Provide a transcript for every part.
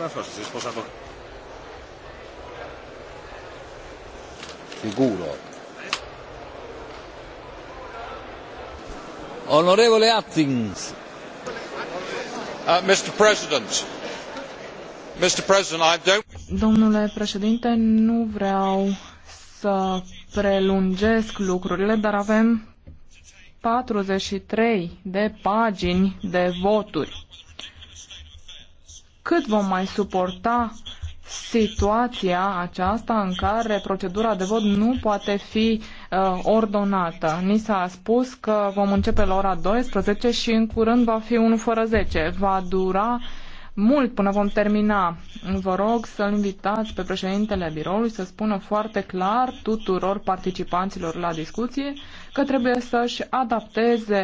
ultima cosa, si è sposato. Sicuro. Onorevole Atkins. Uh, Mr. President. Mr. President, I don't... Domnule președinte, nu vreau să prelungesc lucrurile, dar avem 43 de pagini de voturi. Cât vom mai suporta situația aceasta în care procedura de vot nu poate fi uh, ordonată. Ni s-a spus că vom începe la ora 12 și în curând va fi 1 fără 10. Va dura uh, mult până vom termina. Vă rog să-l invitați pe președintele biroului să spună foarte clar tuturor participanților la discuție că trebuie să-și adapteze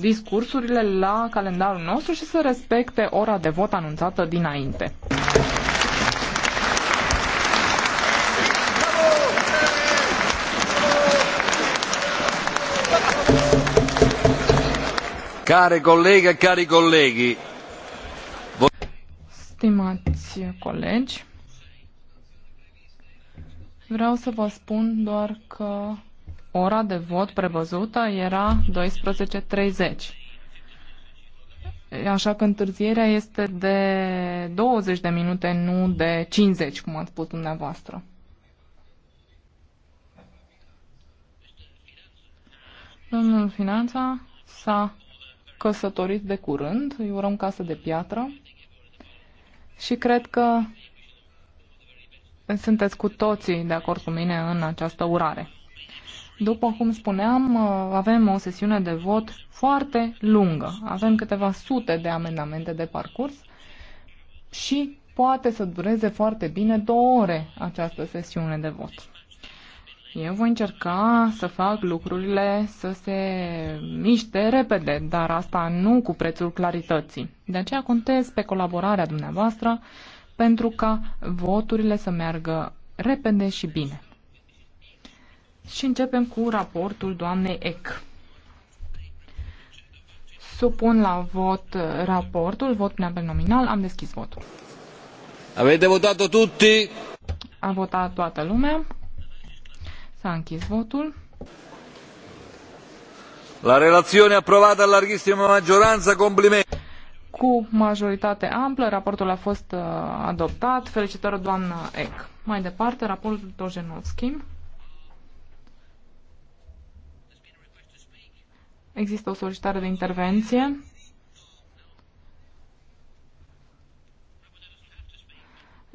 discursurile la calendarul nostru și să respecte ora de vot anunțată dinainte. Care colleghe e cari colleghi, Stimați colegi, vreau să vă spun doar că ora de vot prevăzută era 12.30. Așa că întârzierea este de 20 de minute, nu de 50, cum ați spus dumneavoastră. Domnul Finanța s-a căsătorit de curând, îi urăm casă de piatră și cred că sunteți cu toții de acord cu mine în această urare. După cum spuneam, uh, avem o sesiune de vot foarte lungă. Avem câteva sute de amendamente de parcurs și poate să dureze foarte bine două ore această sesiune de vot eu voi încerca să fac lucrurile să se miște repede, dar asta nu cu prețul clarității. De aceea contez pe colaborarea dumneavoastră pentru ca voturile să meargă repede și bine. Și începem cu raportul doamnei Eck. Supun la vot raportul, vot prin nominal, am deschis votul. Avete votat tutti? A votat toată lumea. S-a închis votul. La relazione approvata a larghissima Cu majoritate amplă, raportul a fost uh, adoptat. Felicitări, doamna Eck. Mai departe, raportul Dojenovski. Există o solicitare de intervenție.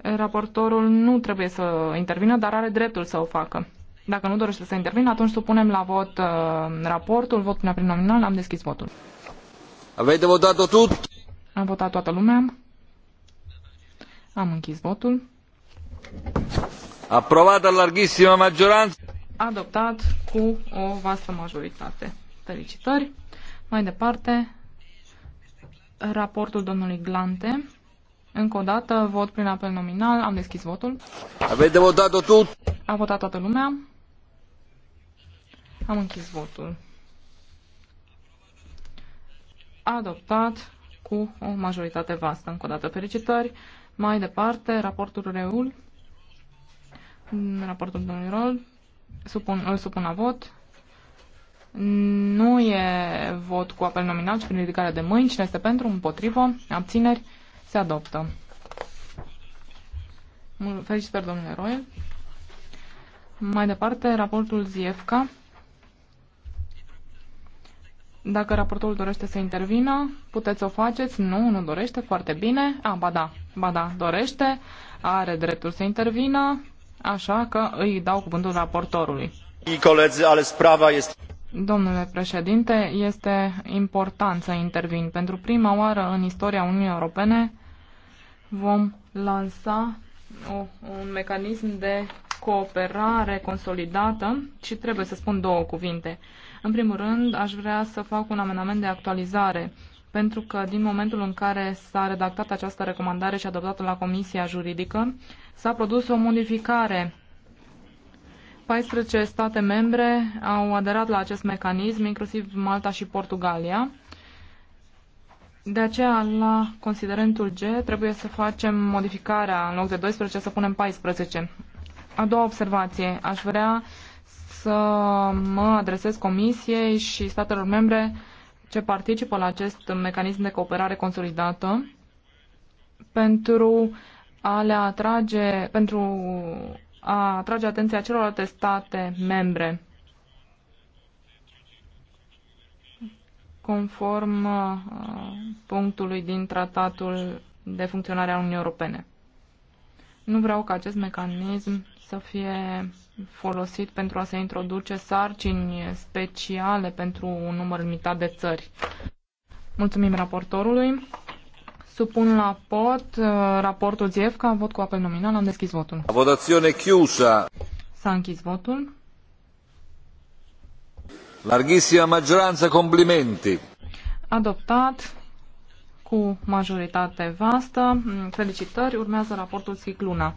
Raportorul nu trebuie să intervină, dar are dreptul să o facă. Dacă nu dorește să intervină, atunci supunem la vot uh, raportul, vot până prin nominal, am deschis votul. de votat tot? Am votat toată lumea. Am închis votul. Aprobată a larghissima majoranță. Adoptat cu o vastă majoritate. Felicitări. Mai departe, raportul domnului Glante. Încă o dată, vot prin apel nominal. Am deschis votul. de votat tot? A votat toată lumea. Am închis votul. Adoptat cu o majoritate vastă. Încă o dată felicitări. Mai departe, raportul Reul, raportul domnului Rol, supun, îl supun la vot. Nu e vot cu apel nominal, ci prin ridicarea de mâini. Cine este pentru, împotrivă, abțineri, se adoptă. Felicitări, domnule Roel. Mai departe, raportul Ziefca. Dacă raportorul dorește să intervină, puteți o faceți. Nu, nu dorește. Foarte bine. A, ba da, ba da, dorește. Are dreptul să intervină, așa că îi dau cuvântul raportorului. Colegi, ale sprava este... Domnule președinte, este important să intervin. Pentru prima oară în istoria Uniunii Europene vom lansa o, un mecanism de cooperare consolidată și trebuie să spun două cuvinte. În primul rând, aș vrea să fac un amendament de actualizare pentru că din momentul în care s-a redactat această recomandare și adoptată la Comisia Juridică, s-a produs o modificare. 14 state membre au aderat la acest mecanism, inclusiv Malta și Portugalia. De aceea, la considerentul G, trebuie să facem modificarea, în loc de 12, să punem 14. A doua observație. Aș vrea să mă adresez Comisiei și statelor membre ce participă la acest mecanism de cooperare consolidată pentru a le atrage, pentru a atrage atenția celorlalte state membre. conform uh, punctului din tratatul de funcționare a Uniunii Europene. Nu vreau ca acest mecanism să fie folosit pentru a se introduce sarcini speciale pentru un număr limitat de țări. Mulțumim raportorului. Supun la vot uh, raportul Ziefca, vot cu apel nominal, am deschis votul. Votazione chiusa. S-a închis votul. Larghissima maggioranza, complimenti. Adoptat cu majoritate vastă. Felicitări, urmează raportul Cicluna.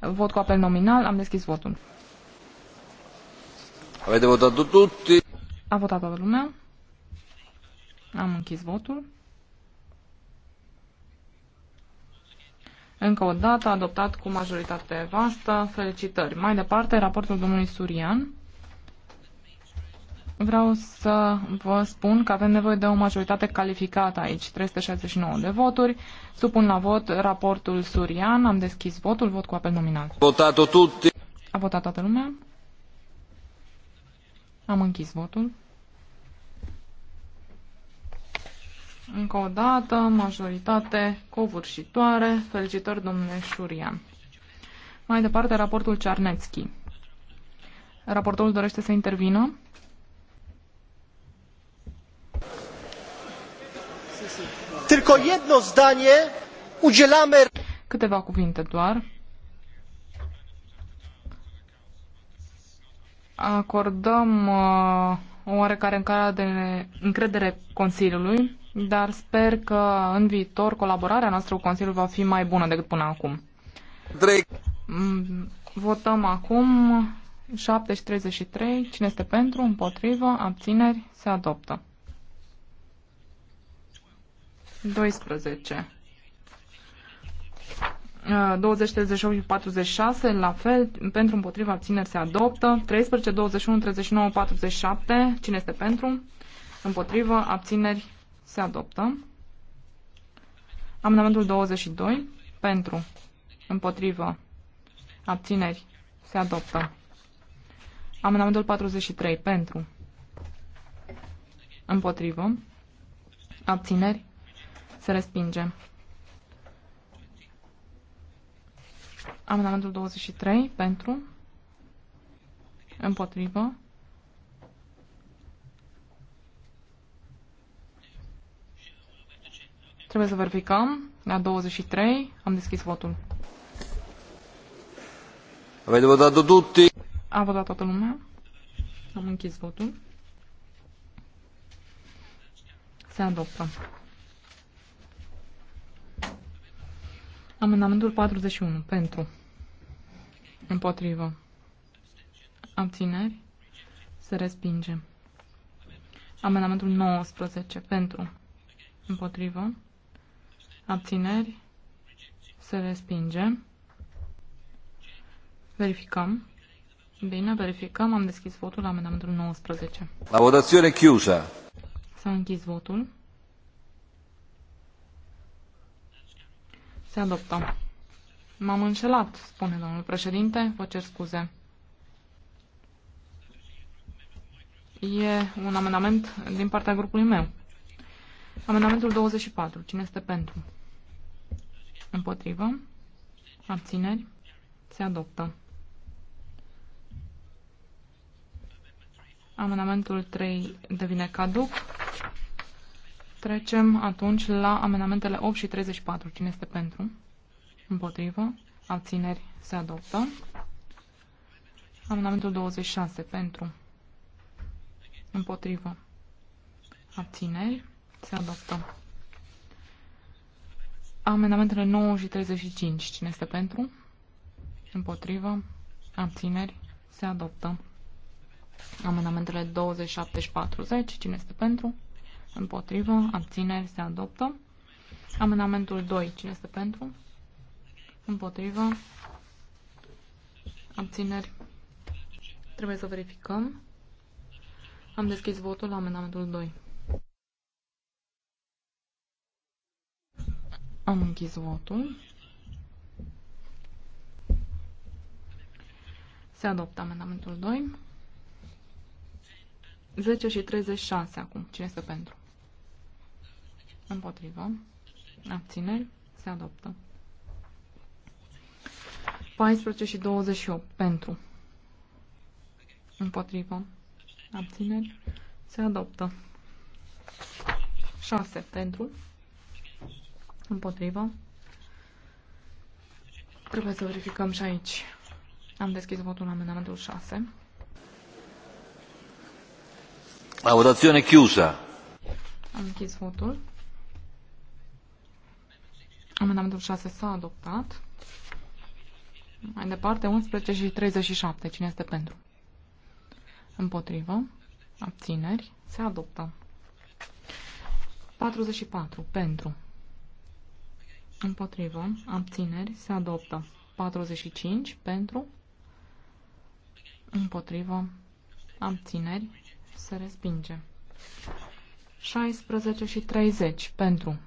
Vot cu apel nominal. Am deschis votul. Avete votat tutti? A votat toată lumea. Am închis votul. Încă o dată, adoptat cu majoritate vastă. Felicitări. Mai departe, raportul domnului Surian. Vreau să vă spun că avem nevoie de o majoritate calificată aici, 369 de voturi. Supun la vot raportul surian, am deschis votul, vot cu apel nominal. Votat tutti. A votat toată lumea? Am închis votul. Încă o dată, majoritate covârșitoare. Felicitări, domnule Șurian. Mai departe, raportul Cearnețchi. Raportorul dorește să intervină. Tylko jedno zdanie udzielamy. Câteva cuvinte doar. Acordăm uh, o oarecare de încredere Consiliului, dar sper că în viitor colaborarea noastră cu Consiliul va fi mai bună decât până acum. Drake. Mm, votăm acum 733. și Cine este pentru, împotrivă, abțineri, se adoptă. 12. 20, 38 și 46, la fel, pentru împotriva abțineri se adoptă. 13, 21, 39, 47, cine este pentru? împotriva abțineri se adoptă. Amendamentul 22, pentru, împotrivă, abțineri se adoptă. Amendamentul 43, pentru, împotrivă, abțineri se respinge. Amendamentul 23 pentru. Împotrivă. Trebuie să verificăm. La 23 am deschis votul. Avete votat tutti? A votat toată lumea. Am închis votul. Se adoptă. Amendamentul 41. Pentru. Împotrivă. Abțineri. Se respinge. Amendamentul 19. Pentru. Împotrivă. Abțineri. Se respinge. Verificăm. Bine, verificăm. Am deschis votul la amendamentul 19. La votazione chiusă. S-a închis votul. Se adoptă. M-am înșelat, spune domnul președinte. Vă cer scuze. E un amendament din partea grupului meu. Amendamentul 24. Cine este pentru? Împotrivă. Abțineri. Se adoptă. Amendamentul 3 devine caduc. Trecem atunci la amendamentele 8 și 34. Cine este pentru? Împotrivă. Abțineri se adoptă. Amendamentul 26 pentru. Împotrivă. Abțineri se adoptă. Amendamentele 9 și 35. Cine este pentru? Împotrivă. Abțineri se adoptă. Amendamentele 27 și 40. Cine este pentru? Împotrivă. Abțineri. Se adoptă. Amendamentul 2. Cine este pentru? Împotrivă. Abțineri. Trebuie să verificăm. Am deschis votul la amendamentul 2. Am închis votul. Se adoptă amendamentul 2. 10 și 36 acum. Cine este pentru? Împotrivă. Abțineri. Se adoptă. 14 și 28. Pentru. Împotrivă. Abțineri. Se adoptă. 6. Pentru. Împotrivă. Trebuie să verificăm și aici. Am deschis votul la amendamentul 6. La votazione chiusa. Am închis votul. Amendamentul 6 s-a adoptat. Mai departe, 11 și 37. Cine este pentru? Împotrivă. Abțineri. Se adoptă. 44. Pentru. Împotrivă. Abțineri. Se adoptă. 45. Pentru. Împotrivă. Abțineri. Se respinge. 16 și 30. Pentru.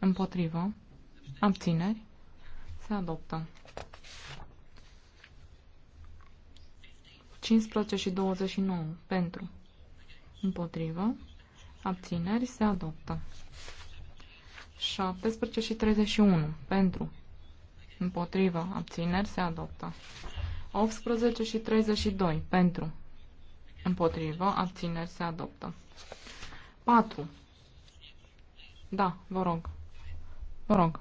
Împotrivă. Abțineri. Se adoptă. 15 și 29. Pentru. Împotrivă. Abțineri. Se adoptă. 17 și 31. Pentru. Împotrivă. Abțineri. Se adoptă. 18 și 32. Pentru. Împotrivă. Abțineri. Se adoptă. 4. Da, vă rog. Vă rog.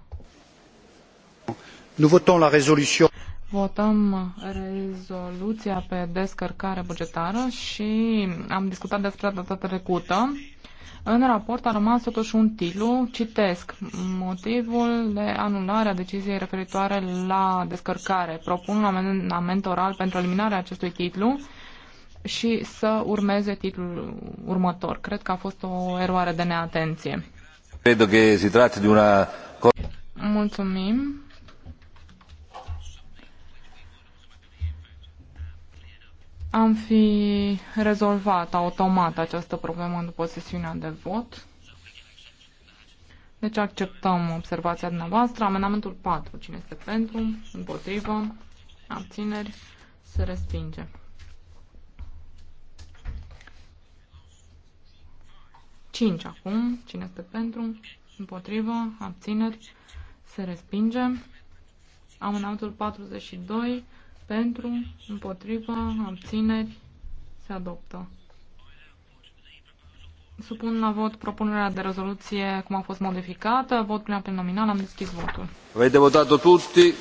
Nu votăm la rezoluție. Votăm rezoluția pe descărcare bugetară și am discutat despre data trecută. În raport a rămas totuși un titlu, citesc, motivul de anulare a deciziei referitoare la descărcare. Propun un amendament oral pentru eliminarea acestui titlu și să urmeze titlul următor. Cred că a fost o eroare de neatenție. Cred că se trată de una Mulțumim. Am fi rezolvat automat această problemă după sesiunea de vot. Deci acceptăm observația dumneavoastră. Amendamentul 4. Cine este pentru? Împotrivă? Abțineri? Se respinge. Cinci acum. Cine este pentru? împotrivă, abțineri, se respinge. Amendamentul 42 pentru, împotrivă, abțineri, se adoptă. Supun la vot propunerea de rezoluție cum a fost modificată. Vot prin apel nominal. Am deschis votul. Avete votat tutti?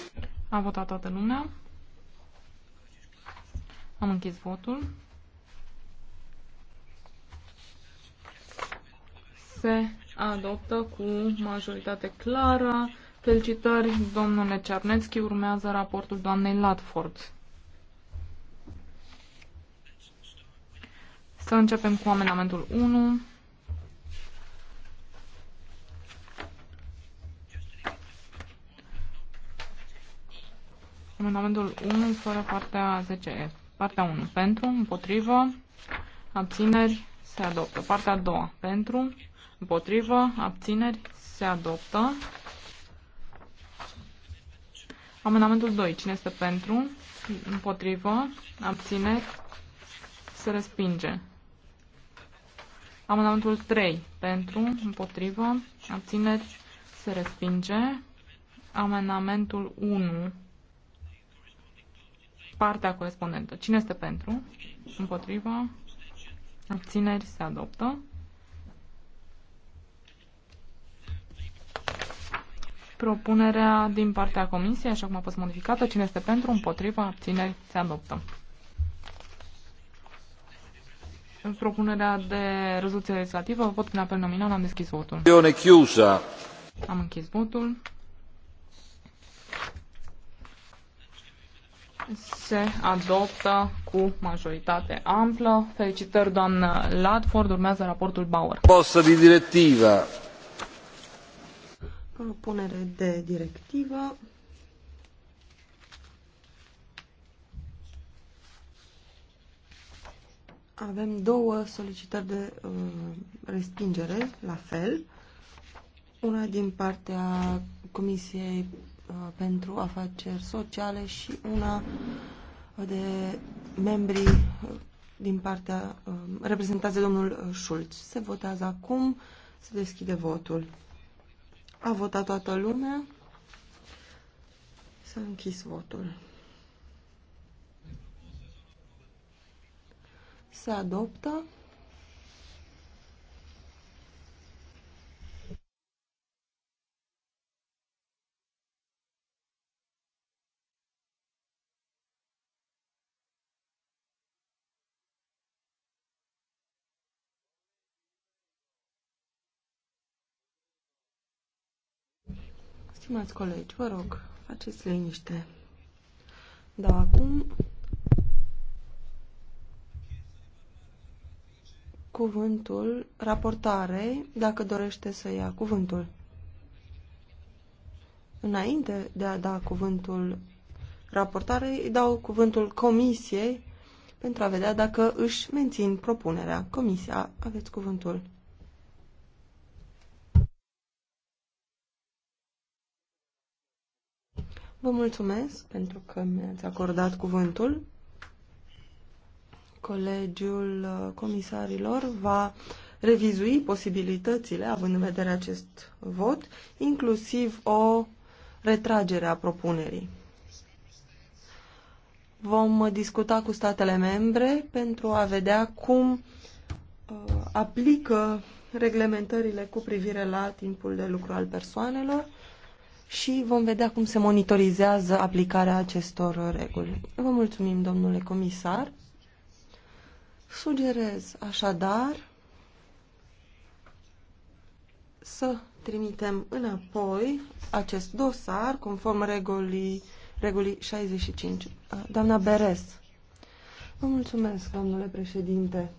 A votat toată lumea. Am închis votul. Se adoptă cu majoritate clară. Felicitări, domnule Cernețchi. Urmează raportul doamnei Latford. Să începem cu amendamentul 1. Amendamentul 1 fără partea 10 e Partea 1 pentru, împotrivă, abțineri, se adoptă. Partea 2, pentru, Împotrivă, abțineri, se adoptă. Amendamentul 2. Cine este pentru? Împotrivă, abțineri, se respinge. Amendamentul 3. Pentru, împotrivă, abțineri, se respinge. Amendamentul 1. Partea corespondentă. Cine este pentru? Împotrivă, abțineri, se adoptă. Propunerea din partea Comisiei, așa cum a fost modificată, cine este pentru, împotriva, abțineri, se adoptă. Propunerea de rezoluție legislativă, vot prin apel nominal, am deschis votul. Am închis votul. Se adoptă cu majoritate amplă. Felicitări, doamnă Ladford. Urmează raportul Bauer. Posta de directivă propunere de directivă. Avem două solicitări de uh, respingere, la fel. Una din partea Comisiei uh, pentru Afaceri Sociale și una de membrii uh, din partea uh, reprezentați de domnul Schulz. Se votează acum, se deschide votul. A votat toată lumea. S-a închis votul. Se adoptă. Stimați colegi, vă rog, faceți liniște. Da, acum cuvântul raportare, dacă dorește să ia cuvântul. Înainte de a da cuvântul raportare, îi dau cuvântul comisiei pentru a vedea dacă își mențin propunerea. Comisia, aveți cuvântul. Vă mulțumesc pentru că mi-ați acordat cuvântul. Colegiul uh, comisarilor va revizui posibilitățile, având în vedere acest vot, inclusiv o retragere a propunerii. Vom discuta cu statele membre pentru a vedea cum uh, aplică reglementările cu privire la timpul de lucru al persoanelor și vom vedea cum se monitorizează aplicarea acestor reguli. Vă mulțumim, domnule comisar. Sugerez așadar să trimitem înapoi acest dosar conform regulii, regulii 65. Doamna Beres. Vă mulțumesc, domnule președinte.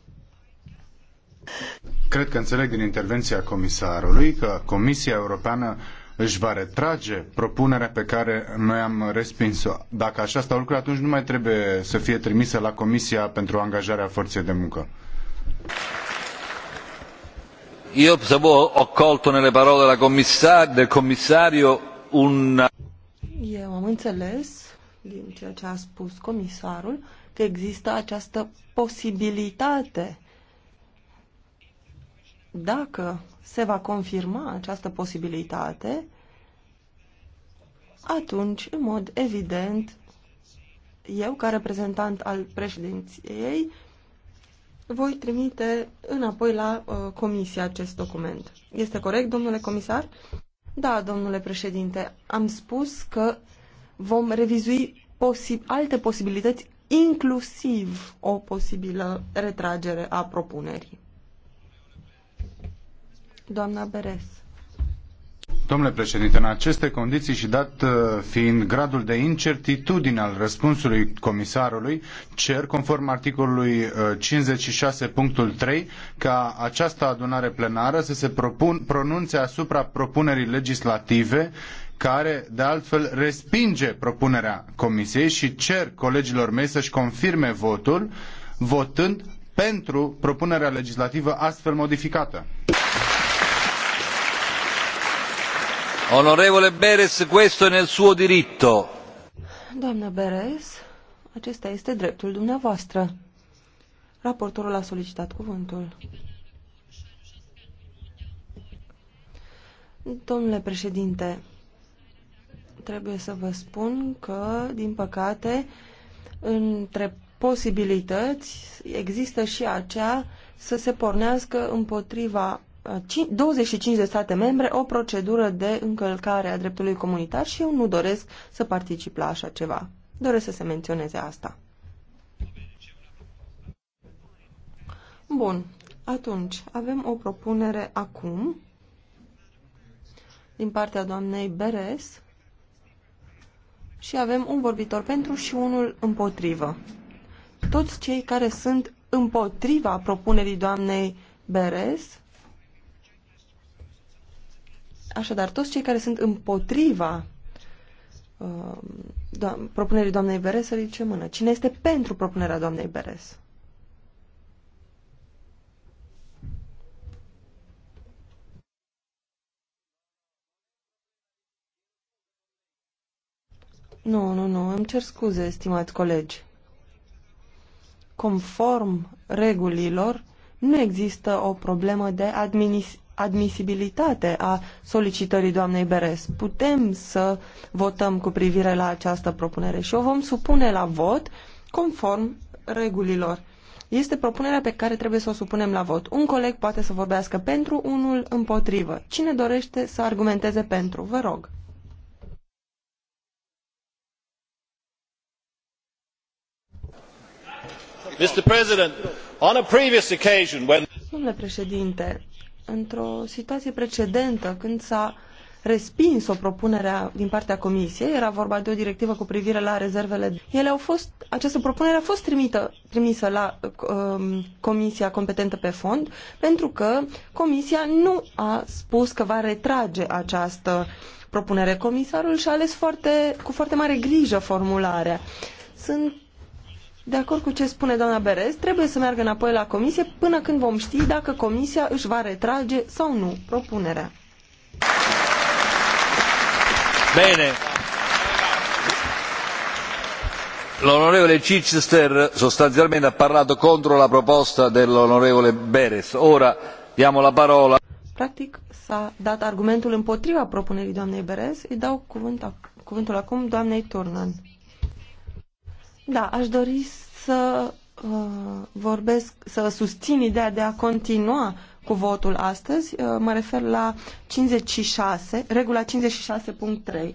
Cred că înțeleg din intervenția comisarului că Comisia Europeană își va retrage propunerea pe care noi am respins-o. Dacă așa stau lucrurile, atunci nu mai trebuie să fie trimisă la Comisia pentru angajarea forței de muncă. Io ho colto nelle parole della commissar- del commissario un... Eu am înțeles din ceea ce a spus comisarul că există această posibilitate dacă se va confirma această posibilitate, atunci, în mod evident, eu, ca reprezentant al președinției, voi trimite înapoi la uh, comisie acest document. Este corect, domnule comisar? Da, domnule președinte, am spus că vom revizui posi alte posibilități, inclusiv o posibilă retragere a propunerii. Doamna Beres. Domnule președinte, în aceste condiții și dat uh, fiind gradul de incertitudine al răspunsului comisarului, cer, conform articolului 56.3, uh, ca această adunare plenară să se propun, pronunțe asupra propunerii legislative care, de altfel, respinge propunerea comisiei și cer colegilor mei să-și confirme votul, votând pentru propunerea legislativă astfel modificată. Onorevole Beres, questo è nel suo diritto. Doamnă Beres, acesta este dreptul dumneavoastră. Raportorul a solicitat cuvântul. Domnule președinte, trebuie să vă spun că, din păcate, între posibilități există și acea să se pornească împotriva 25 de state membre o procedură de încălcare a dreptului comunitar și eu nu doresc să particip la așa ceva. Doresc să se menționeze asta. Bun, atunci avem o propunere acum din partea doamnei Beres și avem un vorbitor pentru și unul împotrivă. Toți cei care sunt împotriva propunerii doamnei Beres Așadar, toți cei care sunt împotriva uh, do- propunerii doamnei Beres să ridice mână. Cine este pentru propunerea doamnei Beres? Nu, nu, nu, îmi cer scuze, stimați colegi. Conform regulilor, nu există o problemă de, administ admisibilitate a solicitării doamnei Beres. Putem să votăm cu privire la această propunere și o vom supune la vot conform regulilor. Este propunerea pe care trebuie să o supunem la vot. Un coleg poate să vorbească pentru, unul împotrivă. Cine dorește să argumenteze pentru? Vă rog. Mr. President, on a previous occasion when... Domnule președinte, într-o situație precedentă, când s-a respins o propunere din partea Comisiei, era vorba de o directivă cu privire la rezervele. Ele au fost, această propunere a fost trimită, trimisă la um, Comisia competentă pe fond, pentru că Comisia nu a spus că va retrage această propunere. Comisarul și-a ales foarte, cu foarte mare grijă formularea. Sunt de acord cu ce spune doamna Berez, trebuie să meargă înapoi la comisie până când vom ști dacă comisia își va retrage sau nu propunerea. Bine. L'onorevole Chichester sostanzialmente ha parlato contro la proposta dell'onorevole Beres. Ora diamo la parola. Practic s-a dat argumentul împotriva propunerii doamnei Beres. Îi dau cuvânt, cuvântul acum doamnei Turnan. Da, aș dori să uh, vorbesc, să susțin ideea de a continua cu votul astăzi. Uh, mă refer la 56, regula 56.3.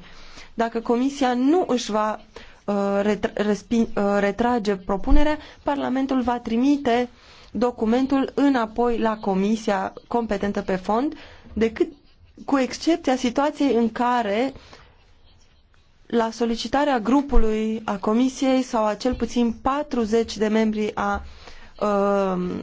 Dacă Comisia nu își va uh, retrage propunerea, Parlamentul va trimite documentul înapoi la Comisia competentă pe fond, decât cu excepția situației în care uh, la solicitarea grupului a Comisiei sau a cel puțin 40 de membri a uh,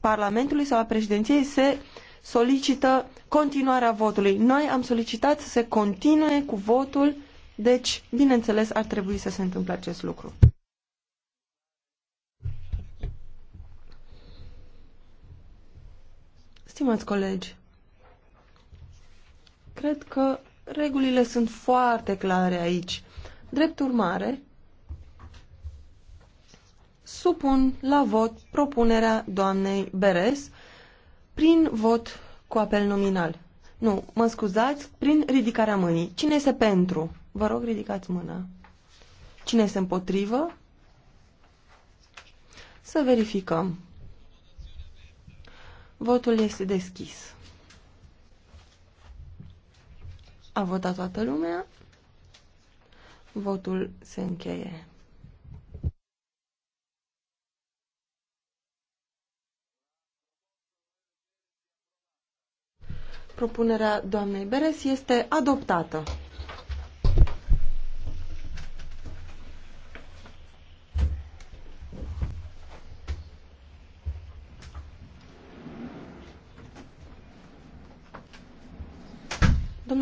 Parlamentului sau a președinției se solicită continuarea votului. Noi am solicitat să se continue cu votul, deci, bineînțeles, ar trebui să se întâmple acest lucru. Stimați colegi, cred că Regulile sunt foarte clare aici. Drept urmare, supun la vot propunerea doamnei Beres prin vot cu apel nominal. Nu, mă scuzați, prin ridicarea mâinii. Cine este pentru? Vă rog, ridicați mâna. Cine este împotrivă? Să verificăm. Votul este deschis. A votat toată lumea. Votul se încheie. Propunerea doamnei Beres este adoptată.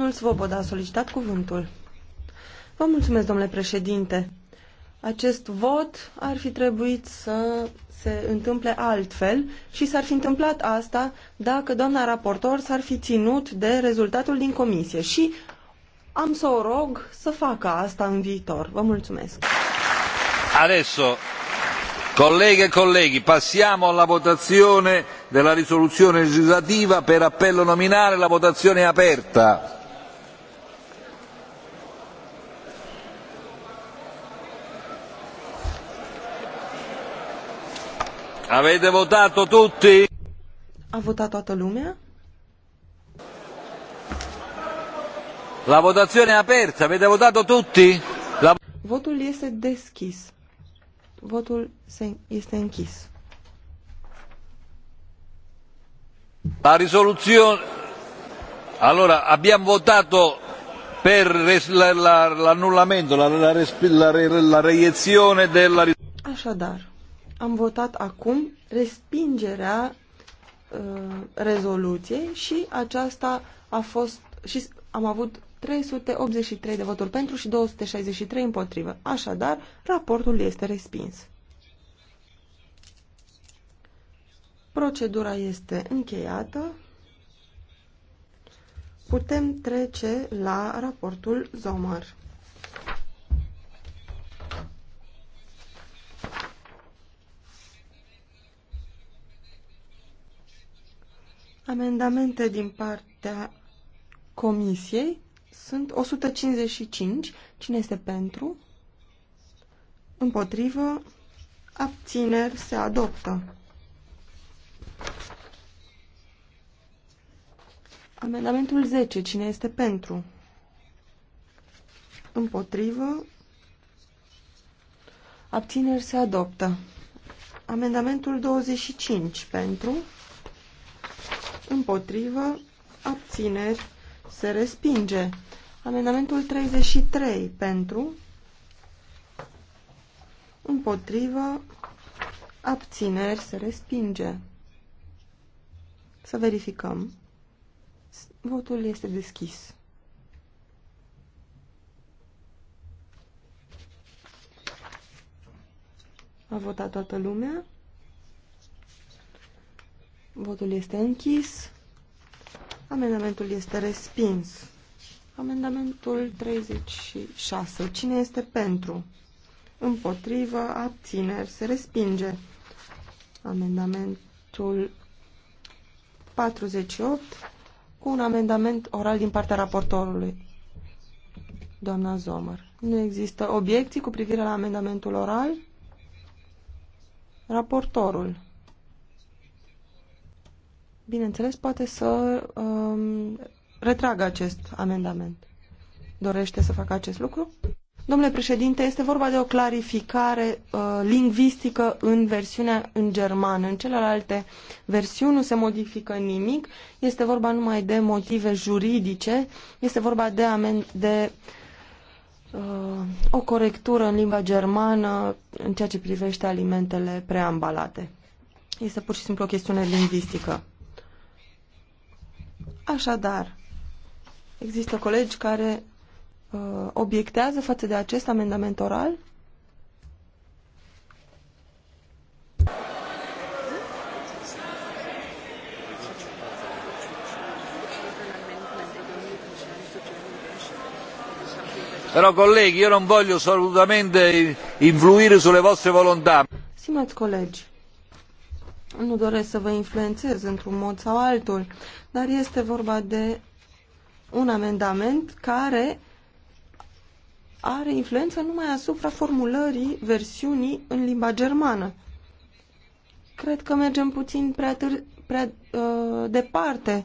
Domnul Svoboda a solicitat cuvântul. Vă mulțumesc, domnule președinte. Acest vot ar fi trebuit să se întâmple altfel și s-ar fi întâmplat asta dacă doamna raportor s-ar fi ținut de rezultatul din comisie și am să o rog să facă asta în viitor. Vă mulțumesc. Adesso, colleghe e colleghi, passiamo alla votazione della risoluzione legislativa per appello nominale, la votazione è aperta. Avete votato tutti? A votat toată lumea? La votazione è aperta, avete votato tutti? La... Votul este deschis. Votul se, este închis. La risoluzione... Allora, abbiamo votato per l'annullamento, la, la, la, la, la reiezione della... risoluzione. Așadar, am votat acum respingerea uh, rezoluției și aceasta a fost și am avut 383 de voturi pentru și 263 împotrivă. Așadar, raportul este respins. Procedura este încheiată. Putem trece la raportul Zomar. Amendamente din partea Comisiei sunt 155. Cine este pentru? Împotrivă? Abțineri se adoptă. Amendamentul 10. Cine este pentru? Împotrivă? Abțineri se adoptă. Amendamentul 25. Pentru? împotrivă, abțineri, se respinge. Amendamentul 33 pentru, împotrivă, abțineri, se respinge. Să verificăm. Votul este deschis. A votat toată lumea? Votul este închis. Amendamentul este respins. Amendamentul 36. Cine este pentru? Împotrivă, abțineri, se respinge. Amendamentul 48 cu un amendament oral din partea raportorului. Doamna Zomăr, nu există obiecții cu privire la amendamentul oral? Raportorul bineînțeles, poate să um, retragă acest amendament. Dorește să facă acest lucru? Domnule președinte, este vorba de o clarificare uh, lingvistică în versiunea în germană. În celelalte versiuni nu se modifică nimic, este vorba numai de motive juridice, este vorba de, amen- de uh, o corectură în limba germană în ceea ce privește alimentele preambalate. Este pur și simplu o chestiune lingvistică. Așadar, există colegi care uh, obiectează față de acest amendament oral? Però colleghi, io non voglio assolutamente influire sulle vostre volontà. Stimați colegi, nu doresc să vă influențez într-un mod sau altul, dar este vorba de un amendament care are influență numai asupra formulării versiunii în limba germană. Cred că mergem puțin prea, târ- prea uh, departe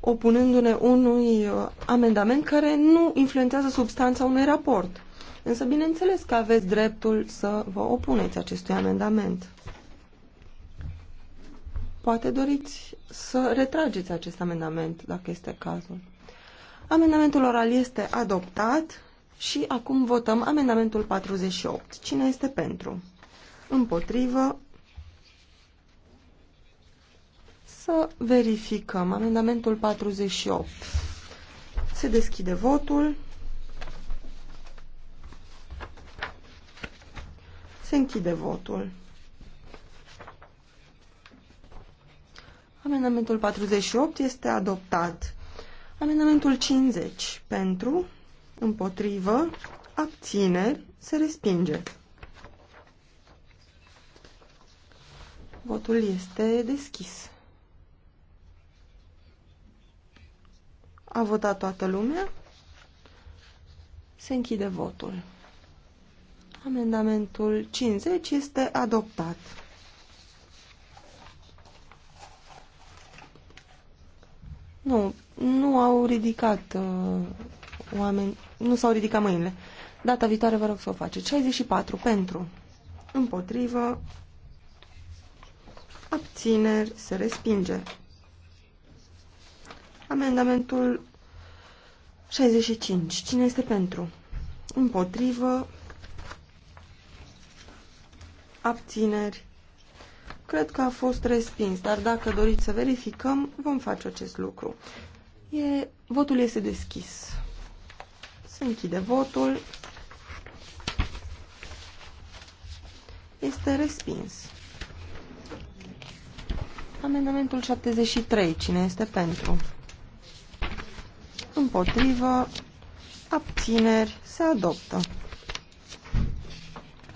opunându-ne unui uh, amendament care nu influențează substanța unui raport. Însă, bineînțeles că aveți dreptul să vă opuneți acestui amendament. Poate doriți să retrageți acest amendament, dacă este cazul. Amendamentul oral este adoptat și acum votăm amendamentul 48. Cine este pentru? Împotrivă? Să verificăm. Amendamentul 48. Se deschide votul. Se închide votul. Amendamentul 48 este adoptat. Amendamentul 50 pentru, împotrivă, abțineri, se respinge. Votul este deschis. A votat toată lumea. Se închide votul. Amendamentul 50 este adoptat. Nu, nu au ridicat uh, oameni, nu s-au ridicat mâinile. Data viitoare vă rog să o faceți. 64 pentru, împotrivă, abțineri, se respinge. Amendamentul 65. Cine este pentru? Împotrivă, abțineri, Cred că a fost respins, dar dacă doriți să verificăm, vom face acest lucru. E, votul este deschis. Se închide votul. Este respins. Amendamentul 73. Cine este pentru? Împotrivă. Abțineri. Se adoptă.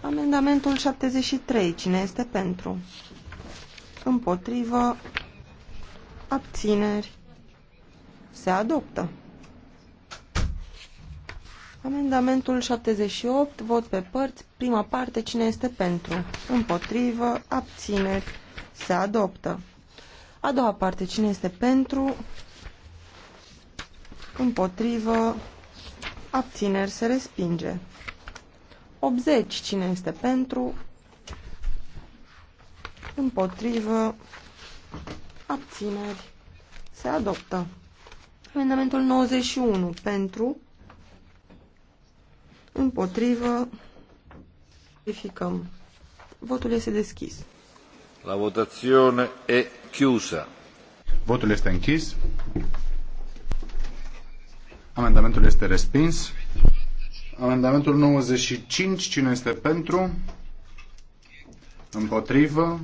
Amendamentul 73. Cine este pentru? împotrivă, abțineri, se adoptă. Amendamentul 78, vot pe părți, prima parte, cine este pentru? Împotrivă, abțineri, se adoptă. A doua parte, cine este pentru? Împotrivă, abțineri, se respinge. 80, cine este pentru? împotrivă, abțineri, se adoptă. Amendamentul 91 pentru, împotrivă, verificăm. Votul este deschis. La votazione e chiusa. Votul este închis. Amendamentul este respins. Amendamentul 95, cine este pentru? Împotrivă?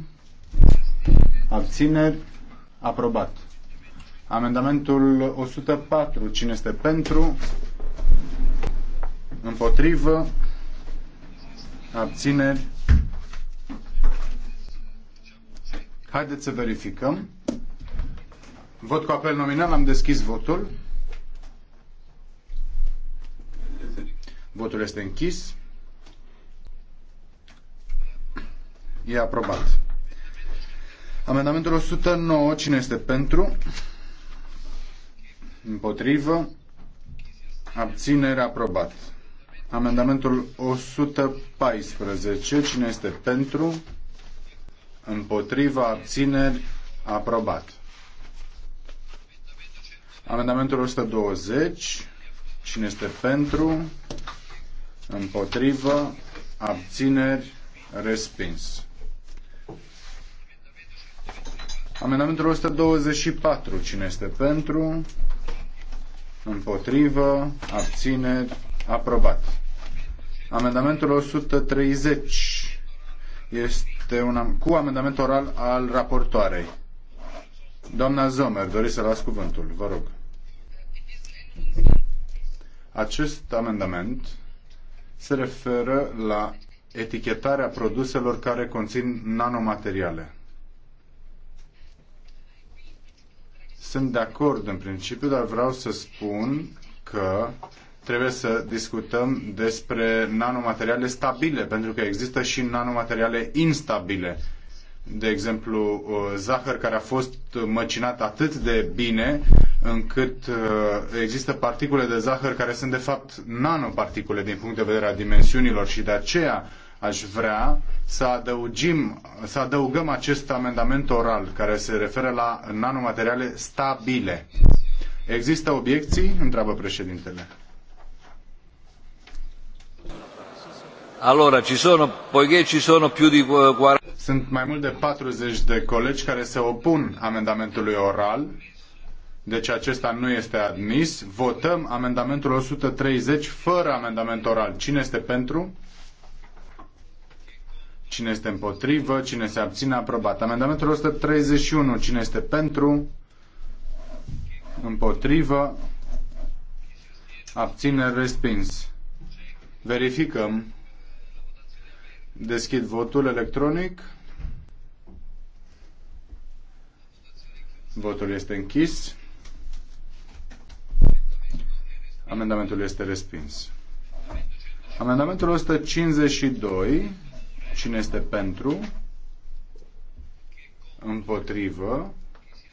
Abțineri? Aprobat. Amendamentul 104. Cine este pentru? Împotrivă? Abțineri? Haideți să verificăm. Vot cu apel nominal. Am deschis votul. Votul este închis. E aprobat. Amendamentul 109, cine este pentru? Împotrivă? Abținere aprobat. Amendamentul 114, cine este pentru? Împotriva abțineri aprobat. Amendamentul 120, cine este pentru? Împotrivă? Abțineri respins. Amendamentul 124. Cine este pentru? Împotrivă. Abțineri. Aprobat. Amendamentul 130 este un, cu amendament oral al raportoarei. Doamna Zomer, doriți să las cuvântul, vă rog. Acest amendament se referă la etichetarea produselor care conțin nanomateriale. Sunt de acord în principiu, dar vreau să spun că trebuie să discutăm despre nanomateriale stabile, pentru că există și nanomateriale instabile. De exemplu, uh, zahăr care a fost măcinat atât de bine încât uh, există particule de zahăr care sunt de fapt nanoparticule din punct de vedere a dimensiunilor și de aceea Aș vrea să, adăugim, să adăugăm acest amendament oral care se referă la nanomateriale stabile. Există obiecții? Întreabă președintele. Allora, ci sono, poiché ci sono più di 40... Sunt mai mult de 40 de colegi care se opun amendamentului oral, deci acesta nu este admis. Votăm amendamentul 130 fără amendament oral. Cine este pentru? Cine este împotrivă? Cine se abține? Aprobat. Amendamentul 131. Cine este pentru? Împotrivă? Abține respins. Verificăm. Deschid votul electronic. Votul este închis. Amendamentul este respins. Amendamentul 152 Cine este pentru? Împotrivă.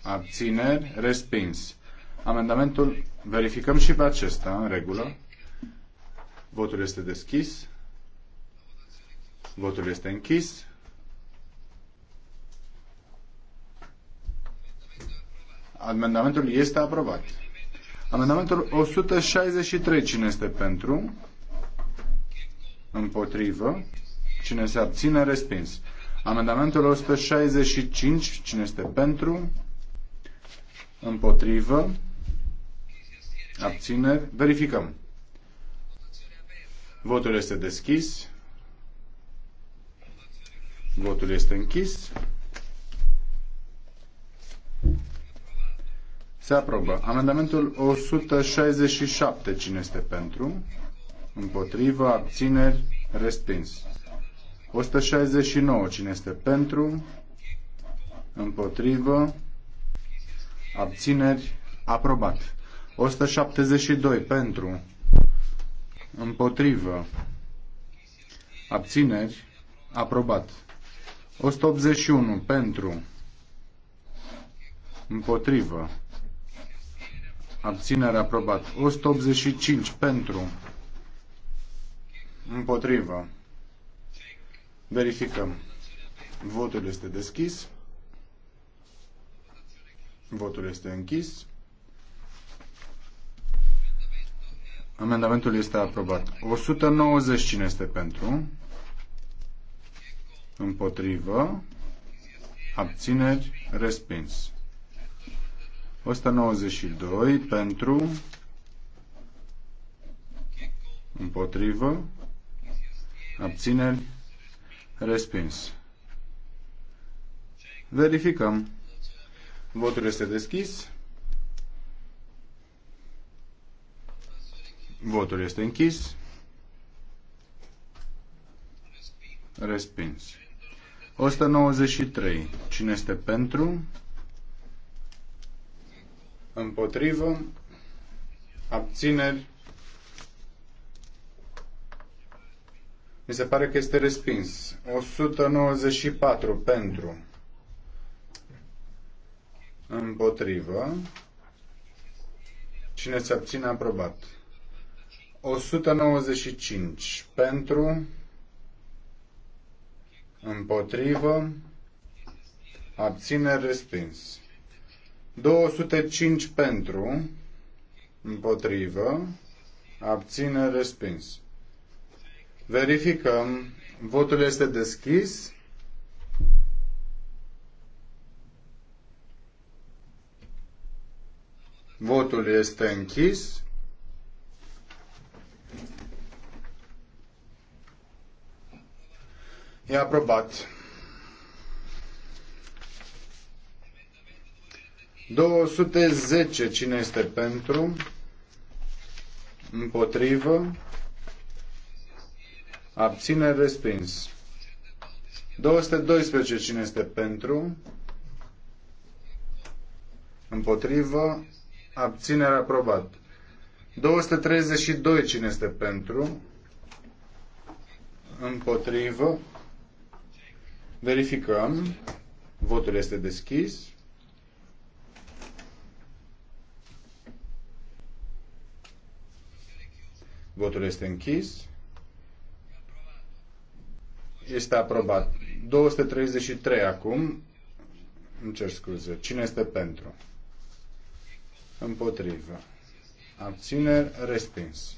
Abțineri. Respins. Amendamentul verificăm și pe acesta, în regulă. Votul este deschis. Votul este închis. Amendamentul este aprobat. Amendamentul 163, cine este pentru? Împotrivă. Cine se abține, respins. Amendamentul 165. Cine este pentru? Împotrivă. Abțineri. Verificăm. Votul este deschis. Votul este închis. Se aprobă. Amendamentul 167. Cine este pentru? Împotrivă. Abțineri. Respins. 169. Cine este pentru? Împotrivă. Abțineri. Aprobat. 172. Pentru. Împotrivă. Abțineri. Aprobat. 181. Pentru. Împotrivă. Abținere aprobat. 185 pentru. Împotrivă. Verificăm. Votul este deschis. Votul este închis. Amendamentul este aprobat. 190 cine este pentru? Împotrivă. Abțineri. Respins. 192 pentru. Împotrivă. Abțineri. Respins. Verificăm. Votul este deschis. Votul este închis. Respins. 193. Cine este pentru? Împotrivă. Abțineri. Mi se pare că este respins. 194 pentru. Împotrivă. Cine se abține, aprobat. 195 pentru. Împotrivă. Abține, respins. 205 pentru. Împotrivă. Abține, respins. Verificăm. Votul este deschis. Votul este închis. E aprobat. 210. Cine este pentru? Împotrivă? Abține respins. 212 cine este pentru? Împotrivă. Abținere aprobat. 232 cine este pentru? Împotrivă. Verificăm. Votul este deschis. Votul este închis. Este aprobat. 233 acum. Îmi cer scuze. Cine este pentru? Împotrivă. Abțineri. Respins.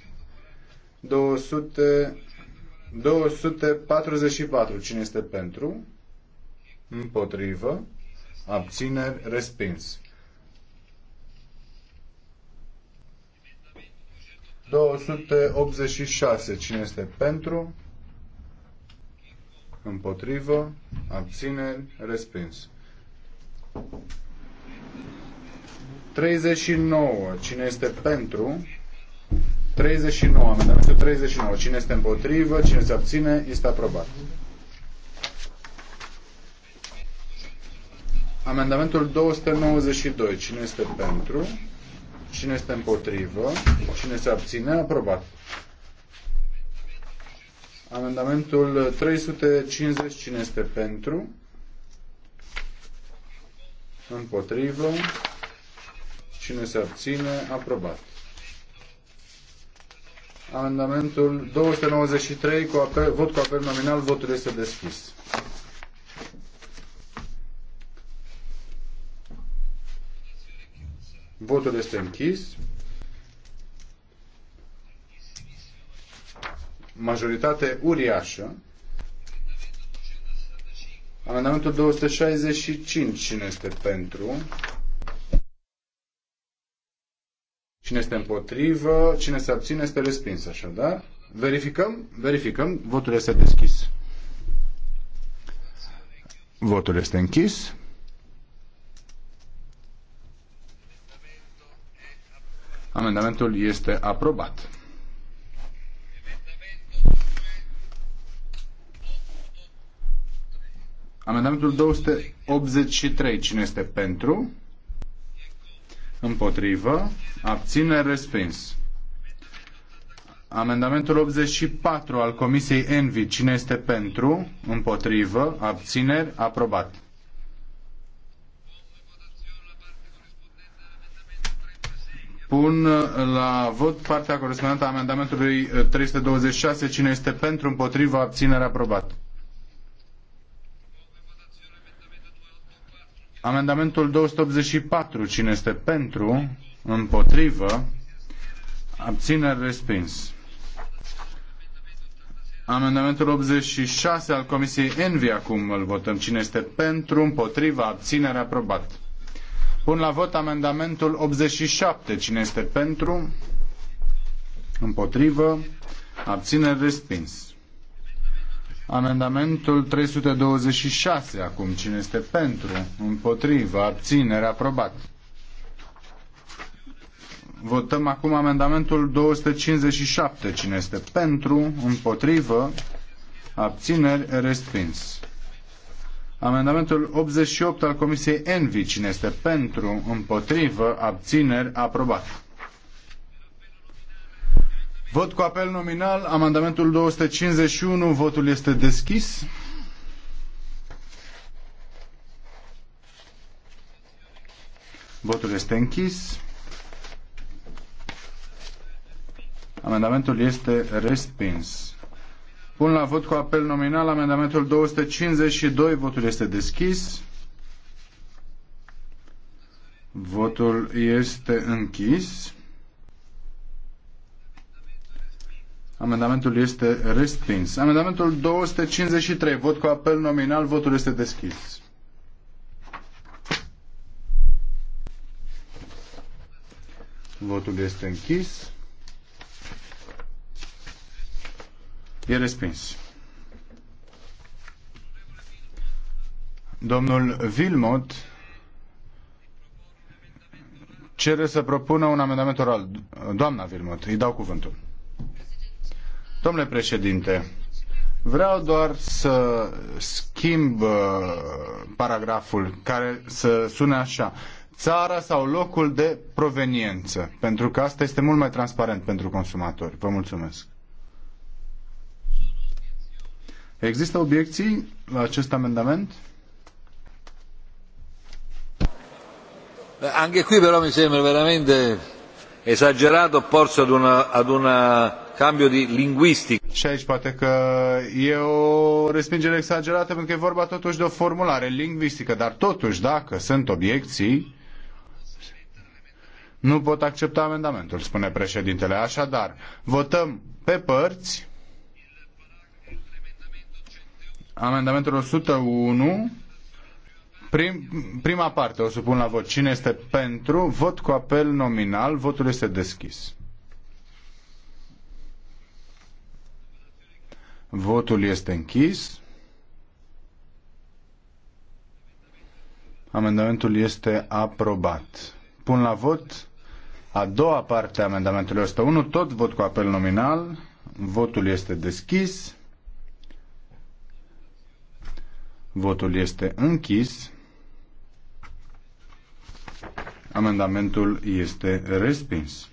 200, 244. Cine este pentru? Împotrivă. Abțineri. Respins. 286. Cine este pentru? împotrivă, abțineri, respins. 39. Cine este pentru? 39. Amendamentul 39. Cine este împotrivă, cine se abține, este aprobat. Amendamentul 292. Cine este pentru? Cine este împotrivă? Cine se abține? Aprobat. Amendamentul 350, cine este pentru? Împotrivă. Cine se abține? Aprobat. Amendamentul 293, cu apel, vot cu apel nominal, votul este deschis. Votul este închis. majoritate uriașă. Amendamentul 265, cine este pentru? Cine este împotrivă? Cine se abține este respins, așadar. Verificăm, verificăm. Votul este deschis. Votul este închis. Amendamentul este aprobat. Amendamentul 283. Cine este pentru? Împotrivă. Abține respins. Amendamentul 84 al Comisiei Envi. Cine este pentru? Împotrivă. Abțineri. Aprobat. Pun la vot partea corespondentă a amendamentului 326. Cine este pentru? Împotrivă. Abținere. Aprobat. Amendamentul 284, cine este pentru, împotrivă, abțineri respins. Amendamentul 86 al Comisiei Envi acum îl votăm. Cine este pentru, împotrivă, abținere, aprobat. Pun la vot amendamentul 87. Cine este pentru, împotrivă, abținere, respins. Amendamentul 326 acum. Cine este pentru? Împotrivă? Abținere? Aprobat. Votăm acum amendamentul 257. Cine este pentru? Împotrivă? Abțineri? Respins. Amendamentul 88 al Comisiei Envi. Cine este pentru? Împotrivă? Abțineri? Aprobat. Vot cu apel nominal, amendamentul 251, votul este deschis. Votul este închis. Amendamentul este respins. Pun la vot cu apel nominal amendamentul 252. Votul este deschis. Votul este închis. Amendamentul este respins. Amendamentul 253. Vot cu apel nominal. Votul este deschis. Votul este închis. E respins. Domnul Vilmot cere să propună un amendament oral. Doamna Vilmot, îi dau cuvântul. Domnule președinte, vreau doar să schimb uh, paragraful care să sune așa țara sau locul de proveniență, pentru că asta este mult mai transparent pentru consumatori. Vă mulțumesc. Există obiecții la acest amendament? Anche qui però mi sembra veramente esagerato porsi ad una, ad una cambio di linguistic. Și aici poate că e o respingere exagerată pentru că e vorba totuși de o formulare lingvistică, dar totuși dacă sunt obiecții, nu pot accepta amendamentul, spune președintele. Așadar, votăm pe părți amendamentul 101 Prim, prima parte o supun la vot. Cine este pentru? Vot cu apel nominal. Votul este deschis. Votul este închis. Amendamentul este aprobat. Pun la vot a doua parte a amendamentului 101, tot vot cu apel nominal. Votul este deschis. Votul este închis. Amendamentul este respins.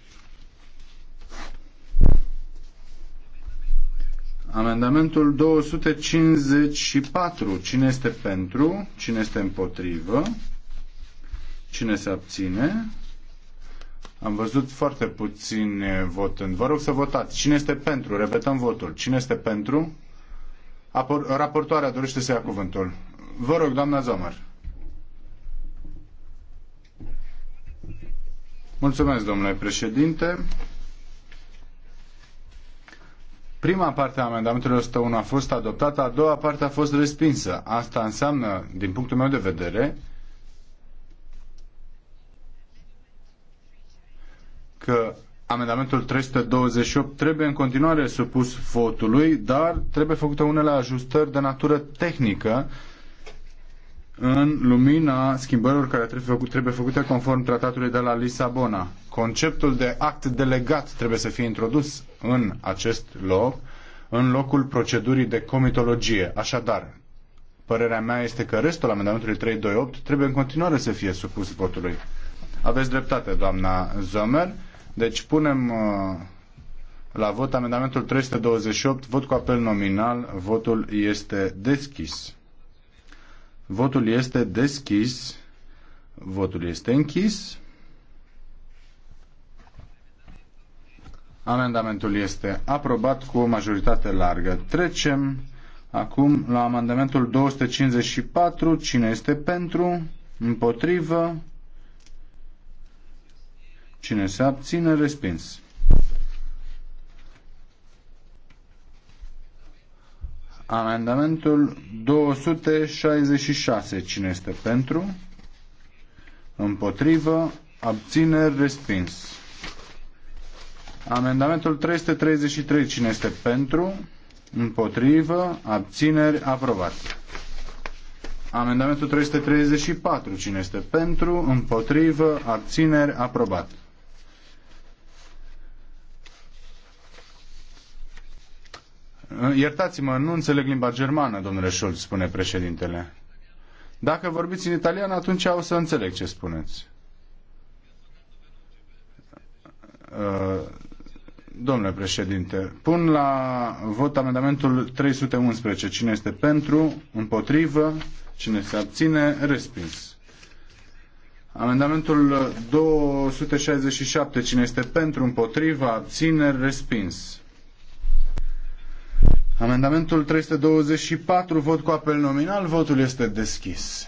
Amendamentul 254. Cine este pentru? Cine este împotrivă? Cine se abține? Am văzut foarte puțin votând. Vă rog să votați. Cine este pentru? Repetăm votul. Cine este pentru? Apor- raportoarea dorește să ia cuvântul. Vă rog, doamna Zomăr. Mulțumesc, domnule președinte. Prima parte a amendamentului 101 a fost adoptată, a doua parte a fost respinsă. Asta înseamnă, din punctul meu de vedere, că amendamentul 328 trebuie în continuare supus votului, dar trebuie făcute unele ajustări de natură tehnică în lumina schimbărilor care trebuie făcute conform tratatului de la Lisabona. Conceptul de act delegat trebuie să fie introdus în acest loc, în locul procedurii de comitologie. Așadar, părerea mea este că restul amendamentului 328 trebuie în continuare să fie supus votului. Aveți dreptate, doamna Zomer. Deci punem uh, la vot amendamentul 328, vot cu apel nominal, votul este deschis. Votul este deschis. Votul este închis. Amendamentul este aprobat cu o majoritate largă. Trecem acum la amendamentul 254. Cine este pentru? Împotrivă? Cine se abține? Respins. Amendamentul 266. Cine este pentru? Împotrivă. Abțineri. Respins. Amendamentul 333. Cine este pentru? Împotrivă. Abțineri. Aprobat. Amendamentul 334. Cine este pentru? Împotrivă. Abțineri. Aprobat. Iertați-mă, nu înțeleg limba germană, domnule Schulz, spune președintele. Dacă vorbiți în italiană, atunci o să înțeleg ce spuneți. Uh, domnule președinte, pun la vot amendamentul 311. Cine este pentru, împotrivă, cine se abține, respins. Amendamentul 267. Cine este pentru, împotrivă, abține, respins. Amendamentul 324, vot cu apel nominal, votul este deschis.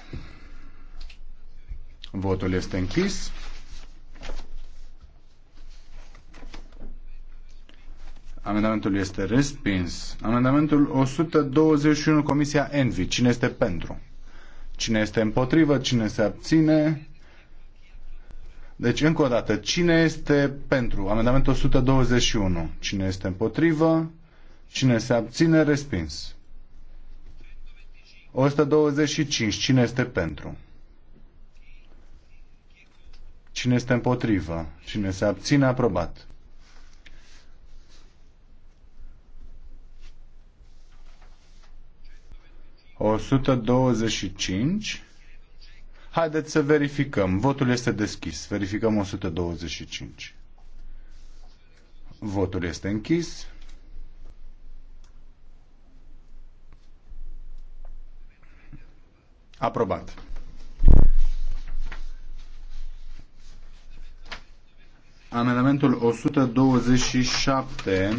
Votul este închis. Amendamentul este respins. Amendamentul 121, Comisia Envi. Cine este pentru? Cine este împotrivă? Cine se abține? Deci, încă o dată, cine este pentru? Amendamentul 121. Cine este împotrivă? Cine se abține, respins. 125. Cine este pentru? Cine este împotrivă? Cine se abține, aprobat. O 125. Haideți să verificăm. Votul este deschis. Verificăm 125. Votul este închis. Aprobat. Amendamentul 127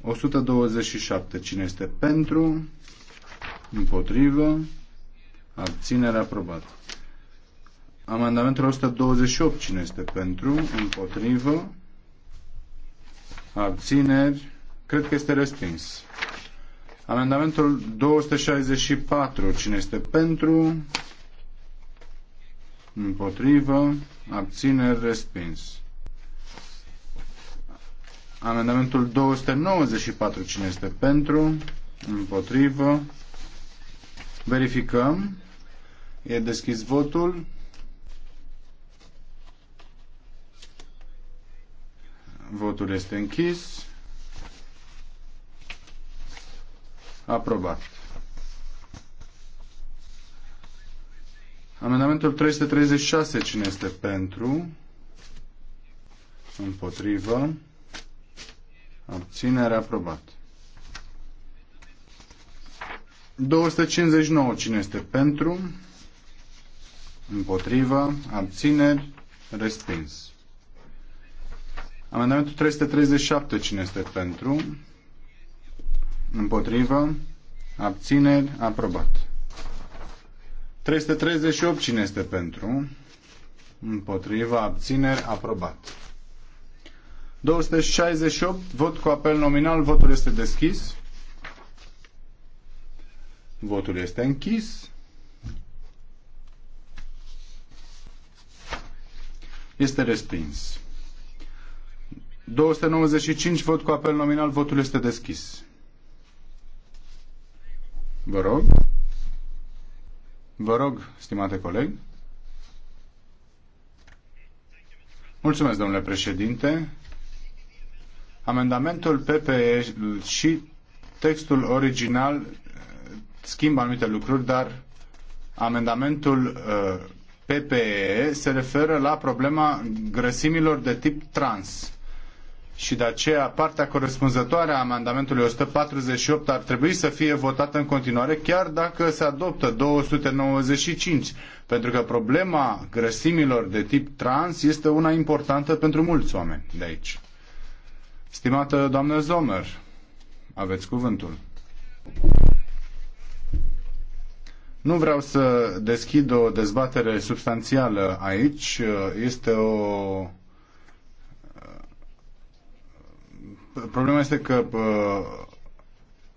127. Cine este pentru? Împotrivă? Abținere aprobat. Amendamentul 128. Cine este pentru? Împotrivă? Abțineri? Cred că este respins. Amendamentul 264. Cine este pentru? Împotrivă. Abțineri. Respins. Amendamentul 294. Cine este pentru? Împotrivă. Verificăm. E deschis votul. Votul este închis. Aprobat. Amendamentul 336, cine este pentru? Împotrivă. Abținere aprobat. 259, cine este pentru? Împotrivă. Abțineri. Respins. Amendamentul 337, cine este pentru? Împotrivă. Abțineri. Aprobat. 338. Cine este pentru? Împotrivă. Abțineri. Aprobat. 268. Vot cu apel nominal. Votul este deschis. Votul este închis. Este respins. 295. Vot cu apel nominal. Votul este deschis. Vă rog. Vă rog, stimate coleg. Mulțumesc, domnule președinte. Amendamentul PPE și textul original eh, schimbă anumite lucruri, dar amendamentul eh, PPE se referă la problema grăsimilor de tip trans și de aceea partea corespunzătoare a amendamentului 148 ar trebui să fie votată în continuare chiar dacă se adoptă 295, pentru că problema grăsimilor de tip trans este una importantă pentru mulți oameni de aici. Stimată doamnă Zomer, aveți cuvântul. Nu vreau să deschid o dezbatere substanțială aici. Este o Problema este că uh,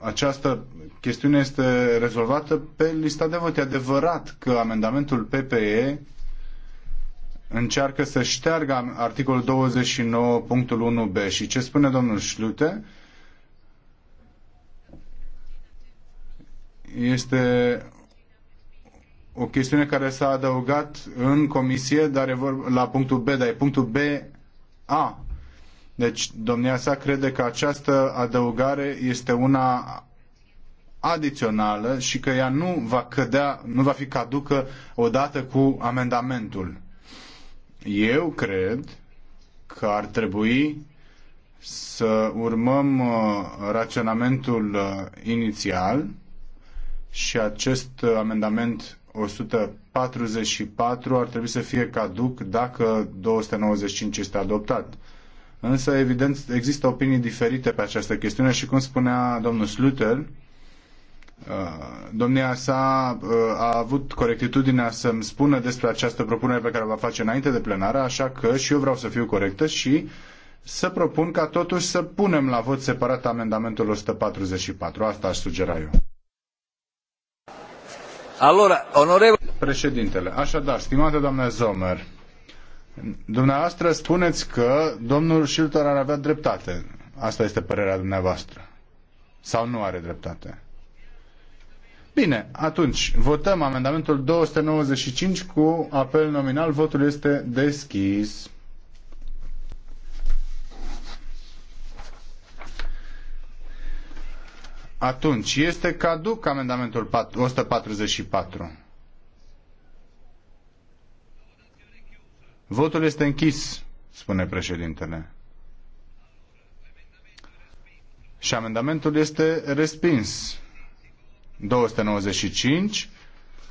această chestiune este rezolvată pe lista de vot. E adevărat că amendamentul PPE încearcă să șteargă articolul 29.1b și ce spune domnul Șlute este o chestiune care s-a adăugat în comisie, dar e vorba, la punctul B, dar e punctul B A deci domnia sa crede că această adăugare este una adițională și că ea nu va cădea, nu va fi caducă odată cu amendamentul. Eu cred că ar trebui să urmăm uh, raționamentul uh, inițial și acest uh, amendament 144 ar trebui să fie caduc dacă 295 este adoptat. Însă, evident, există opinii diferite pe această chestiune și, cum spunea domnul Sluter, uh, domnia sa uh, a avut corectitudinea să-mi spună despre această propunere pe care o va face înainte de plenară, așa că și eu vreau să fiu corectă și să propun ca totuși să punem la vot separat amendamentul 144. Asta aș sugera eu. Allora, onorevole... Președintele, așadar, stimată doamnă Zomer, Dumneavoastră spuneți că domnul Shilton ar avea dreptate. Asta este părerea dumneavoastră. Sau nu are dreptate? Bine, atunci votăm amendamentul 295 cu apel nominal. Votul este deschis. Atunci este caduc amendamentul 144. Votul este închis, spune președintele. Și amendamentul este respins. 295.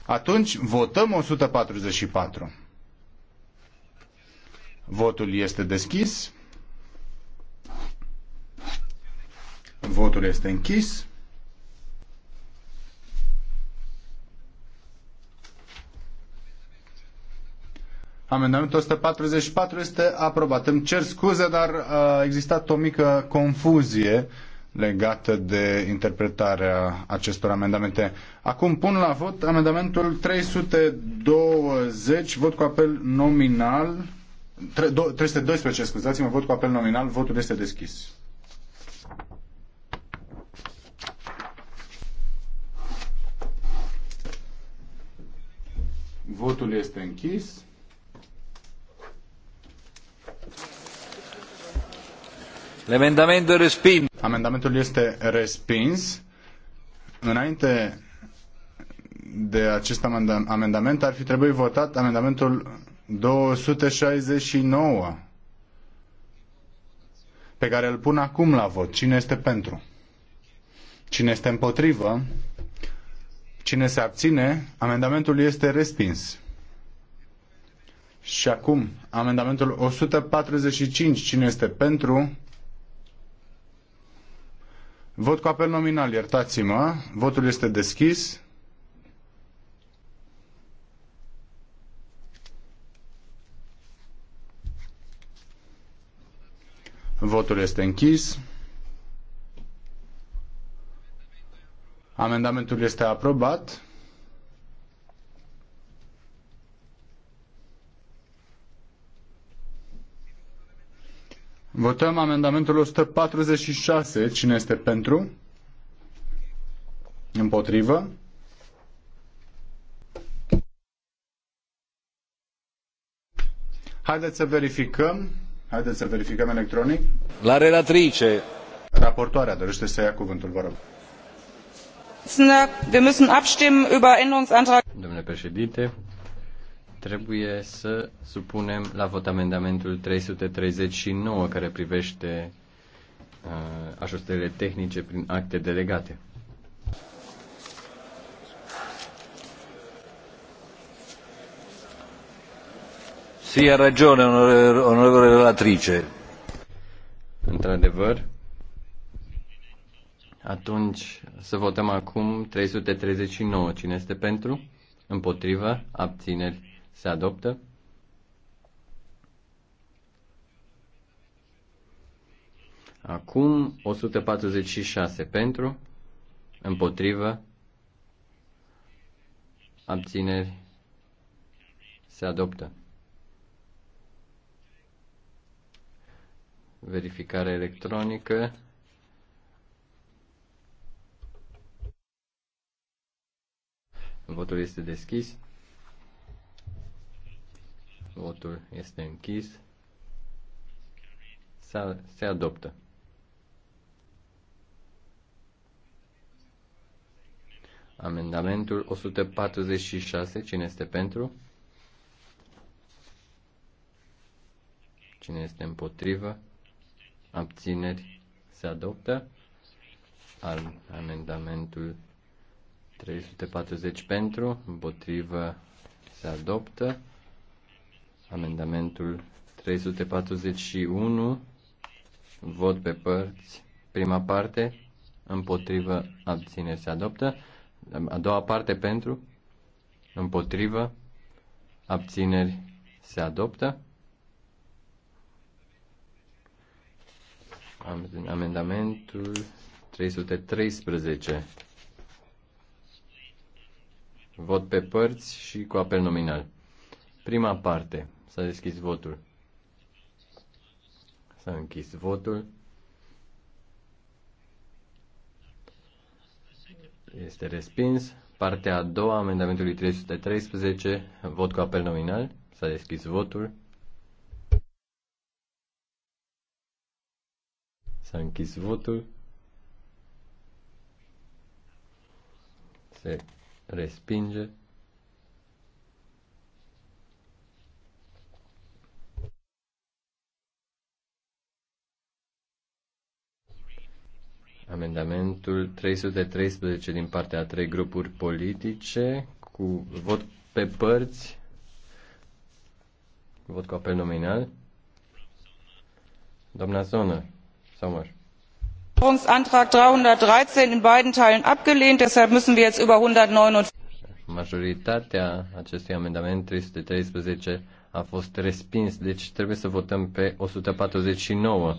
Atunci votăm 144. Votul este deschis. Votul este închis. Amendamentul 144 este aprobat. Îmi cer scuze, dar uh, a existat o mică confuzie legată de interpretarea acestor amendamente. Acum pun la vot amendamentul 320, vot cu apel nominal. 312, scuzați-mă, vot cu apel nominal, votul este deschis. Votul este închis. Amendamentul respins. Amendamentul este respins. Înainte de acest amendament ar fi trebuit votat amendamentul 269 pe care îl pun acum la vot. Cine este pentru? Cine este împotrivă? Cine se abține? Amendamentul este respins. Și acum, amendamentul 145. Cine este pentru? Vot cu apel nominal, iertați-mă. Votul este deschis. Votul este închis. Amendamentul este aprobat. Votăm amendamentul 146. Cine este pentru? Împotrivă? Haideți să verificăm. Haideți să verificăm electronic. La relatrice. Raportoarea dorește să ia cuvântul, vă rog. Domnule președinte, Trebuie să supunem la vot amendamentul 339 care privește uh, ajustările tehnice prin acte delegate. Sì, ha ragione, onorevole relatrice. Într-adevăr, atunci să votăm acum 339. Cine este pentru? Împotrivă? Abțineri? Se adoptă. Acum 146 pentru, împotrivă, abțineri, se adoptă. Verificare electronică. Votul este deschis. Votul este închis. Se adoptă. Amendamentul 146, cine este pentru? Cine este împotrivă? Abțineri? Se adoptă. Al amendamentul 340 pentru, împotrivă, se adoptă. Amendamentul 341, vot pe părți, prima parte, împotrivă, abțineri se adoptă, a doua parte pentru, împotrivă, abțineri se adoptă. Amendamentul 313. Vot pe părți și cu apel nominal. Prima parte. S-a deschis votul. S-a închis votul. Este respins. Partea a doua, amendamentului 313, vot cu apel nominal. S-a deschis votul. S-a închis votul. Se respinge. Amendamentul 313 din partea a trei grupuri politice cu vot pe părți, vot cu apel nominal. Doamna Zonă, Sommer. Antrag 313 în beiden Teilen abgelehnt, deshalb müssen wir jetzt über 149. Majoritatea acestui amendament 313 a fost respins, deci trebuie să votăm pe 149.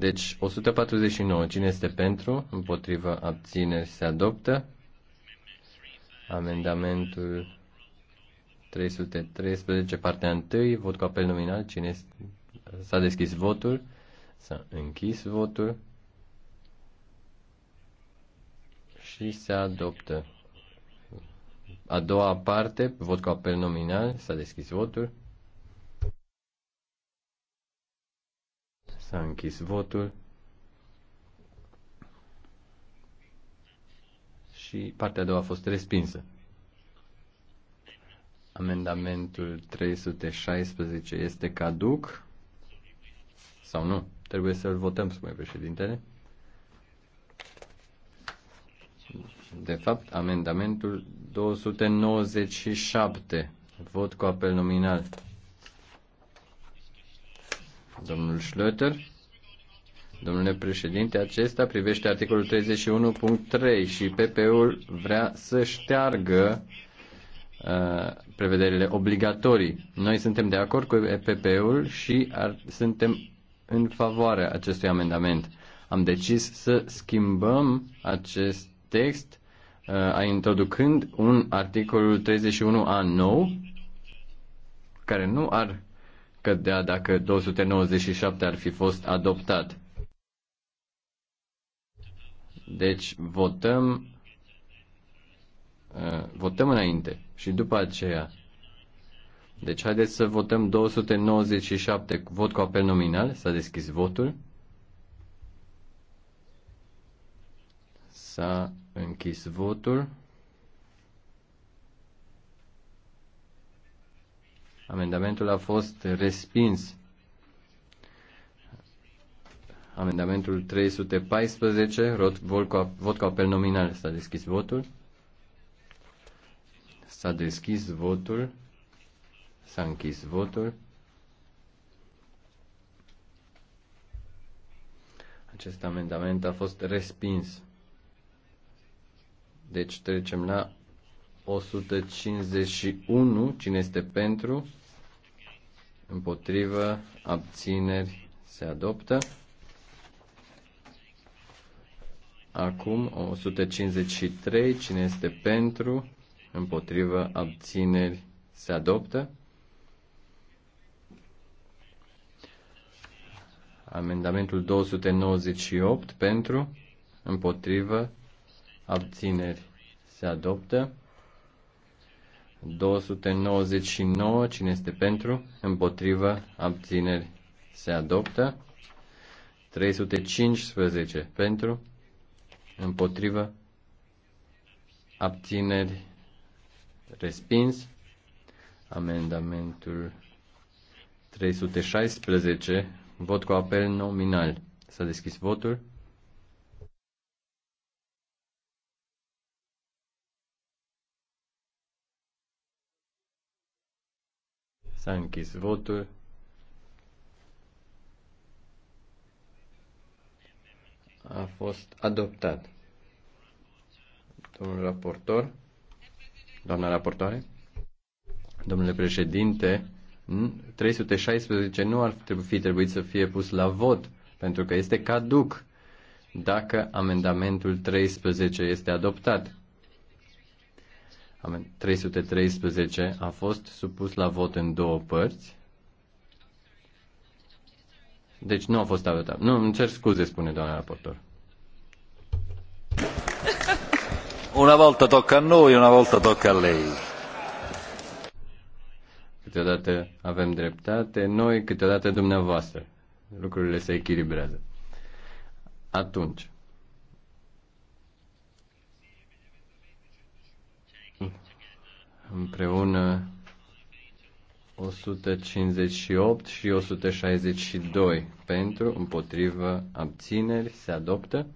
Deci 149. Cine este pentru? Împotriva abțineri se adoptă. Amendamentul 313, partea 1, vot cu apel nominal. Cine este? S-a deschis votul. S-a închis votul. Și se adoptă. A doua parte, vot cu apel nominal. S-a deschis votul. S-a închis votul. Și partea a doua a fost respinsă. Amendamentul 316 este caduc sau nu? Trebuie să-l votăm, spune președintele. De fapt, amendamentul 297. Vot cu apel nominal. Domnul Schlöter. Domnule președinte, acesta privește articolul 31.3 și PP-ul vrea să șteargă uh, prevederile obligatorii. Noi suntem de acord cu PP-ul și ar, suntem în favoarea acestui amendament. Am decis să schimbăm acest text uh, introducând un articolul 31A nou care nu ar cădea dacă 297 ar fi fost adoptat. Deci votăm uh, votăm înainte și după aceea. Deci haideți să votăm 297 vot cu apel nominal. S-a deschis votul. S-a închis votul. Amendamentul a fost respins. Amendamentul 314, rot, vot, cu, vot cu apel nominal. S-a deschis votul. S-a deschis votul. S-a închis votul. Acest amendament a fost respins. Deci trecem la 151. Cine este pentru? împotrivă, abțineri, se adoptă. Acum 153, cine este pentru, împotrivă, abțineri, se adoptă. Amendamentul 298 pentru, împotrivă, abțineri, se adoptă. 299, cine este pentru, împotrivă, abțineri, se adoptă. 315, pentru, împotrivă, abțineri, respins. Amendamentul 316, vot cu apel nominal. S-a deschis votul. S-a închis votul. A fost adoptat. Domnul raportor, doamna raportoare, domnule președinte, 316 nu ar fi trebuit să fie pus la vot, pentru că este caduc dacă amendamentul 13 este adoptat. 313 a fost supus la vot în două părți. Deci nu a fost adoptat. Nu, îmi cer scuze, spune doamna raportor. Una volta tocca a noi, una volta tocca a lei. Câteodată avem dreptate, noi, câteodată dumneavoastră. Lucrurile se echilibrează. Atunci. împreună 158 și 162 pentru, împotrivă, abțineri, se adoptă.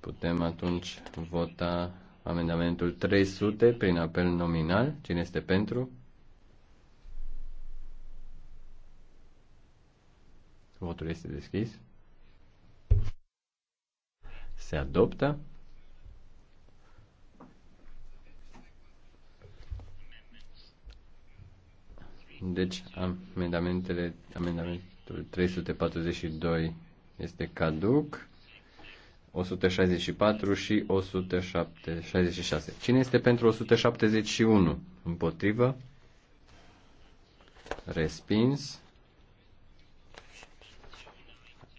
Putem atunci vota amendamentul 300 prin apel nominal. Cine este pentru? Votul este deschis. Se adoptă. Deci, amendamentele, amendamentul 342 este caduc, 164 și 166. Cine este pentru 171? Împotrivă? Respins.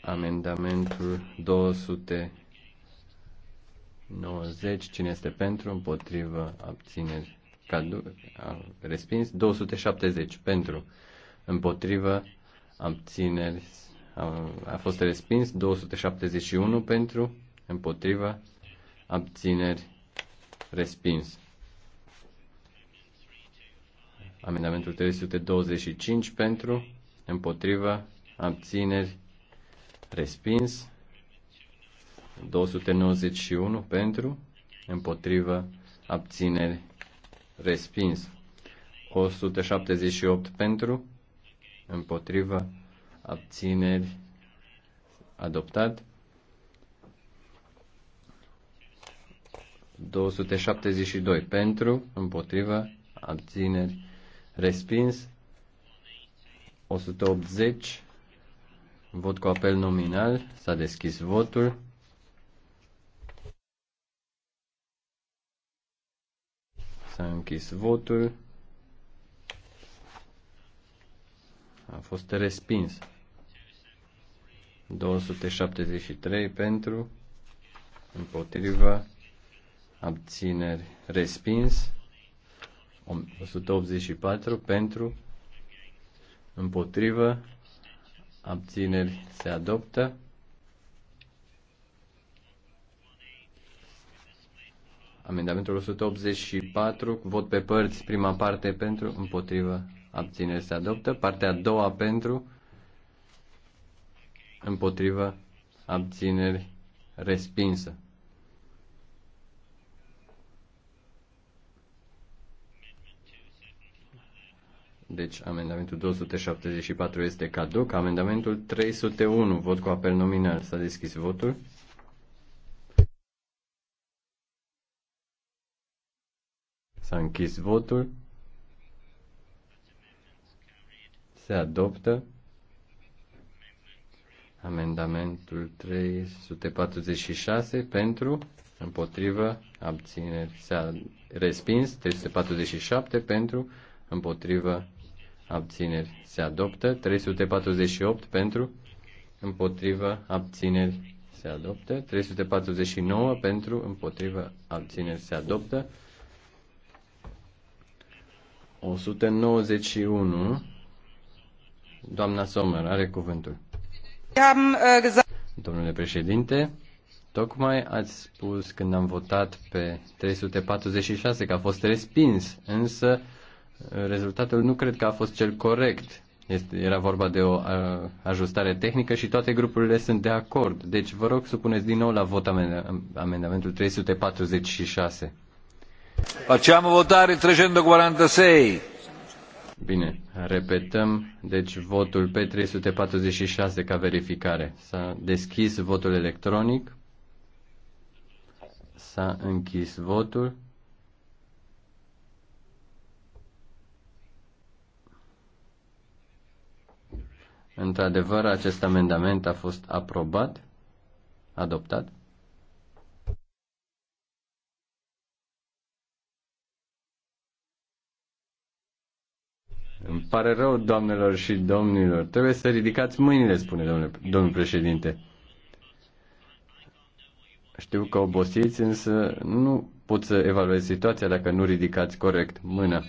Amendamentul 290. Cine este pentru? Împotrivă? Abțineri? cadu, respins 270 pentru, împotrivă, abțineri, a, a fost respins 271 pentru, împotrivă, abțineri, respins. Amendamentul 325 pentru, împotrivă, abțineri, respins. 291 pentru, împotrivă, abțineri, respins. 178 pentru, împotrivă, abțineri, adoptat. 272 pentru, împotrivă, abțineri, respins. 180, vot cu apel nominal, s-a deschis votul. S-a închis votul. A fost respins. 273 pentru, împotriva, abțineri, respins. 184 pentru, împotriva abțineri se adoptă. Amendamentul 184, vot pe părți, prima parte pentru, împotrivă, abținere se adoptă, partea a doua pentru, împotrivă, abțineri, respinsă. Deci amendamentul 274 este caduc. Amendamentul 301, vot cu apel nominal. S-a deschis votul. S-a închis votul. Se adoptă amendamentul 346 pentru, împotrivă, abțineri. S-a respins 347 pentru, împotrivă, abțineri. Se adoptă 348 pentru, împotrivă, abțineri. Se adoptă 349 pentru, împotrivă, abțineri. Se adoptă 191. Doamna Sommer are cuvântul. Uh, Domnule președinte, tocmai ați spus când am votat pe 346 că a fost respins, însă uh, rezultatul nu cred că a fost cel corect. Este, era vorba de o a, uh, ajustare tehnică și toate grupurile sunt de acord. Deci vă rog să puneți din nou la vot amendamentul 346. Facem votare 346. Bine, repetăm, deci votul pe 346 ca verificare. S-a deschis votul electronic. S-a închis votul. Într-adevăr, acest amendament a fost aprobat, adoptat. Îmi pare rău, doamnelor și domnilor. Trebuie să ridicați mâinile, spune domnule, domnul președinte. Știu că obosiți, însă nu pot să evaluez situația dacă nu ridicați corect mâna.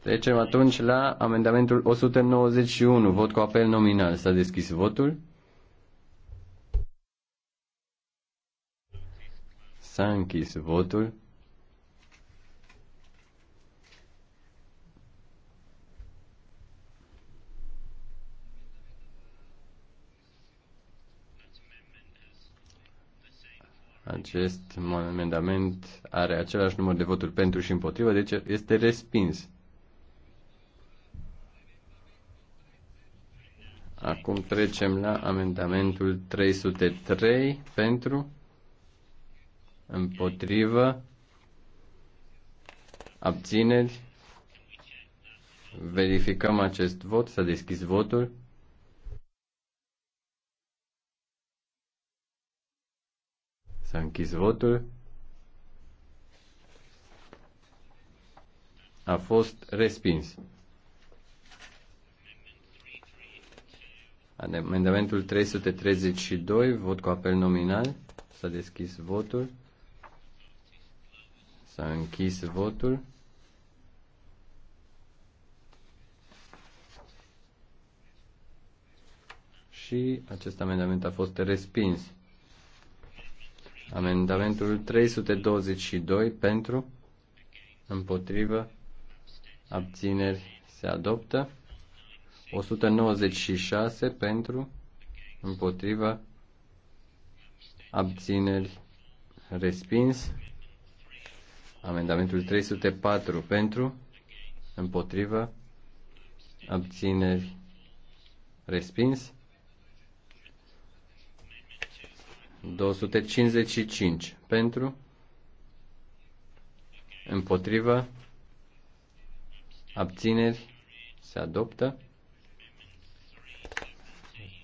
Trecem atunci la amendamentul 191, vot cu apel nominal. S-a deschis votul. S-a închis votul. Acest amendament are același număr de voturi pentru și împotrivă, deci este respins. Acum trecem la amendamentul 303 pentru, împotrivă, abțineri. Verificăm acest vot, s-a deschis votul. S-a închis votul. A fost respins. Amendamentul 332, vot cu apel nominal. S-a deschis votul. S-a închis votul. Și acest amendament a fost respins. Amendamentul 322 pentru, împotrivă, abțineri se adoptă. 196 pentru, împotrivă, abțineri respins. Amendamentul 304 pentru, împotrivă, abțineri respins. 255 pentru, împotrivă, abțineri, se adoptă.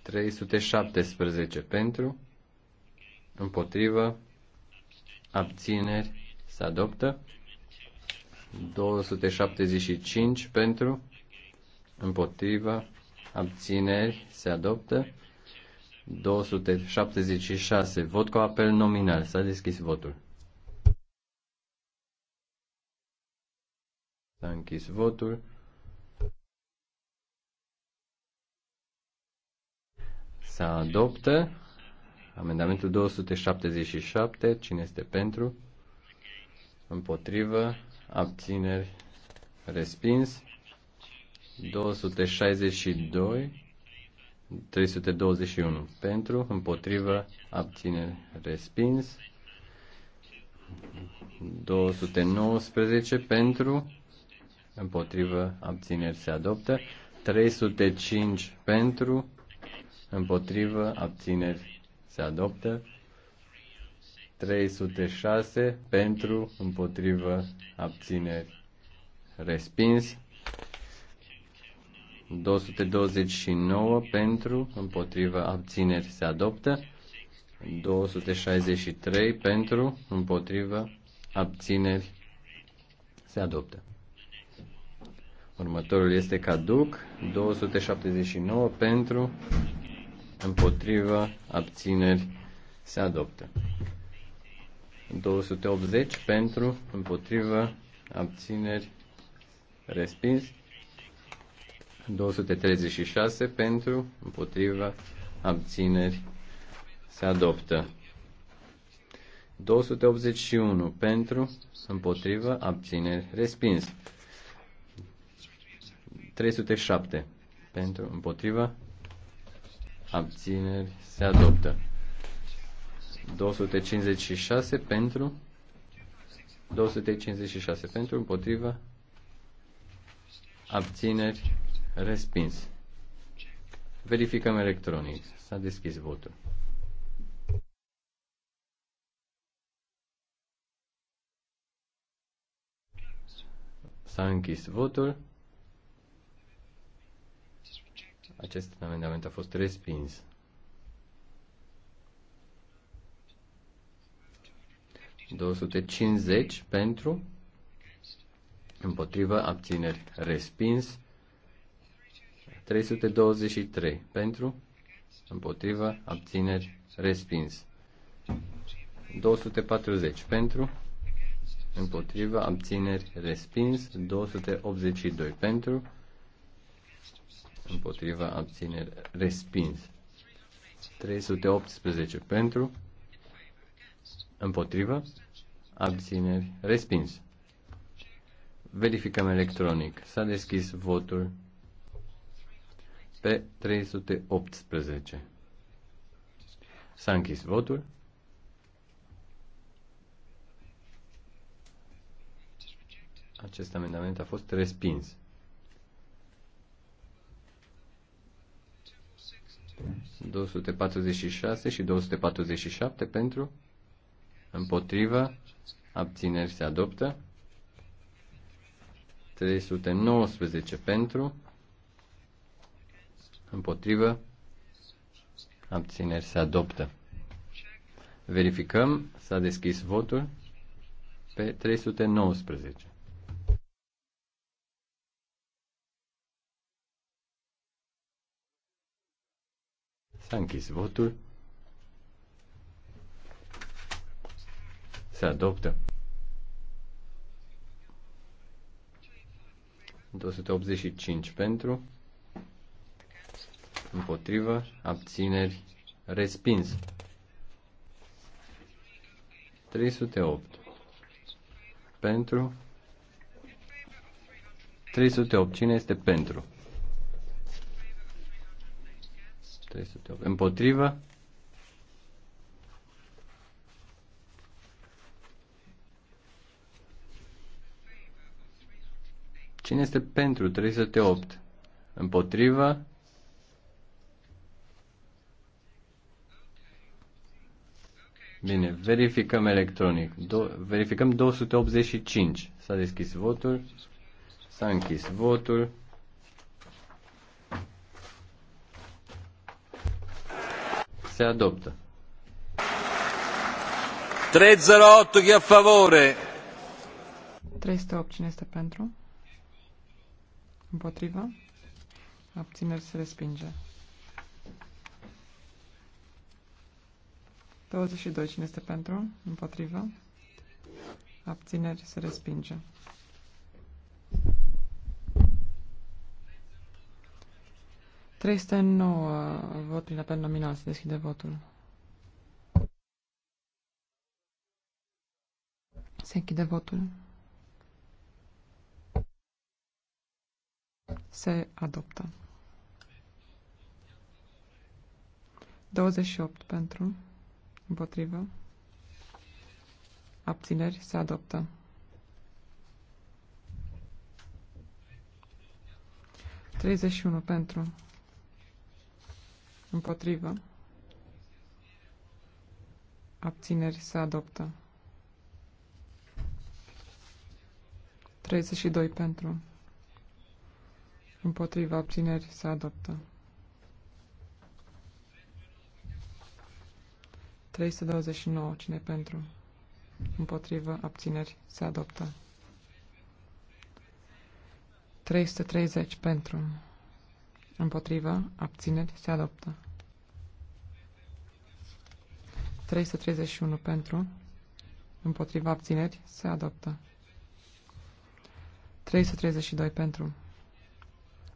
317 pentru, împotrivă, abțineri, se adoptă. 275 pentru, împotrivă, abțineri, se adoptă. 276. Vot cu apel nominal. S-a deschis votul. S-a închis votul. Se adoptă amendamentul 277. Cine este pentru? Împotrivă. Abțineri. Respins. 262 321 pentru, împotrivă, abțineri, respins. 219 pentru, împotrivă, abțineri, se adoptă. 305 pentru, împotrivă, abțineri, se adoptă. 306 pentru, împotrivă, abțineri, respins. 229 pentru, împotriva abțineri se adoptă. 263 pentru, împotriva abțineri se adoptă. Următorul este caduc, 279 pentru, împotriva abțineri se adoptă. 280 pentru, împotriva abțineri respins. 236 pentru, împotriva, abțineri, se adoptă. 281 pentru, împotriva, abțineri, respins. 307 pentru, împotriva, abțineri, se adoptă. 256 pentru, 256 pentru, împotriva, abțineri, Respins. Verificăm electronic. S-a deschis votul. S-a închis votul. Acest amendament a fost respins. ...250 pentru, împotrivă, abțineri, respins, 323 pentru, împotriva, abțineri, respins. 240 pentru, împotriva, abțineri, respins. 282 pentru, împotriva, abțineri, respins. 318 pentru, împotriva, abțineri, respins. Verificăm electronic. S-a deschis votul pe 318. S-a închis votul. Acest amendament a fost respins. ...246 și 247 pentru, împotriva, abțineri se adoptă, 319 pentru, Împotrivă. Abțineri se adoptă. Verificăm. S-a deschis votul pe 319. S-a închis votul. Se adoptă. 285 pentru, împotrivă, abțineri, respins. 308. Pentru. 308. Cine este pentru? 308. Împotrivă. Cine este pentru 308? Împotrivă. Bine, verificăm electronic. Do- verificăm 285. S-a deschis votul. S-a închis votul. Se adoptă. 308 chi a favore. 308 cine este pentru? Împotriva? Abțineri se respinge. 22. Cine este pentru? Împotrivă? Abțineri se respinge. nouă vot prin apel nominal. Se deschide votul. Se închide votul. Se adoptă. 28 pentru. Împotrivă. Abțineri se adoptă. Treizeci și unu pentru. Împotrivă. Abțineri se adoptă. 32 pentru. Împotriva abțineri se adoptă. 329. Cine pentru? Împotrivă. Abțineri. Se adoptă. 330. Pentru. Împotrivă. Abțineri. Se adoptă. 331. Pentru. Împotrivă. Abțineri. Se adoptă. 332. Pentru.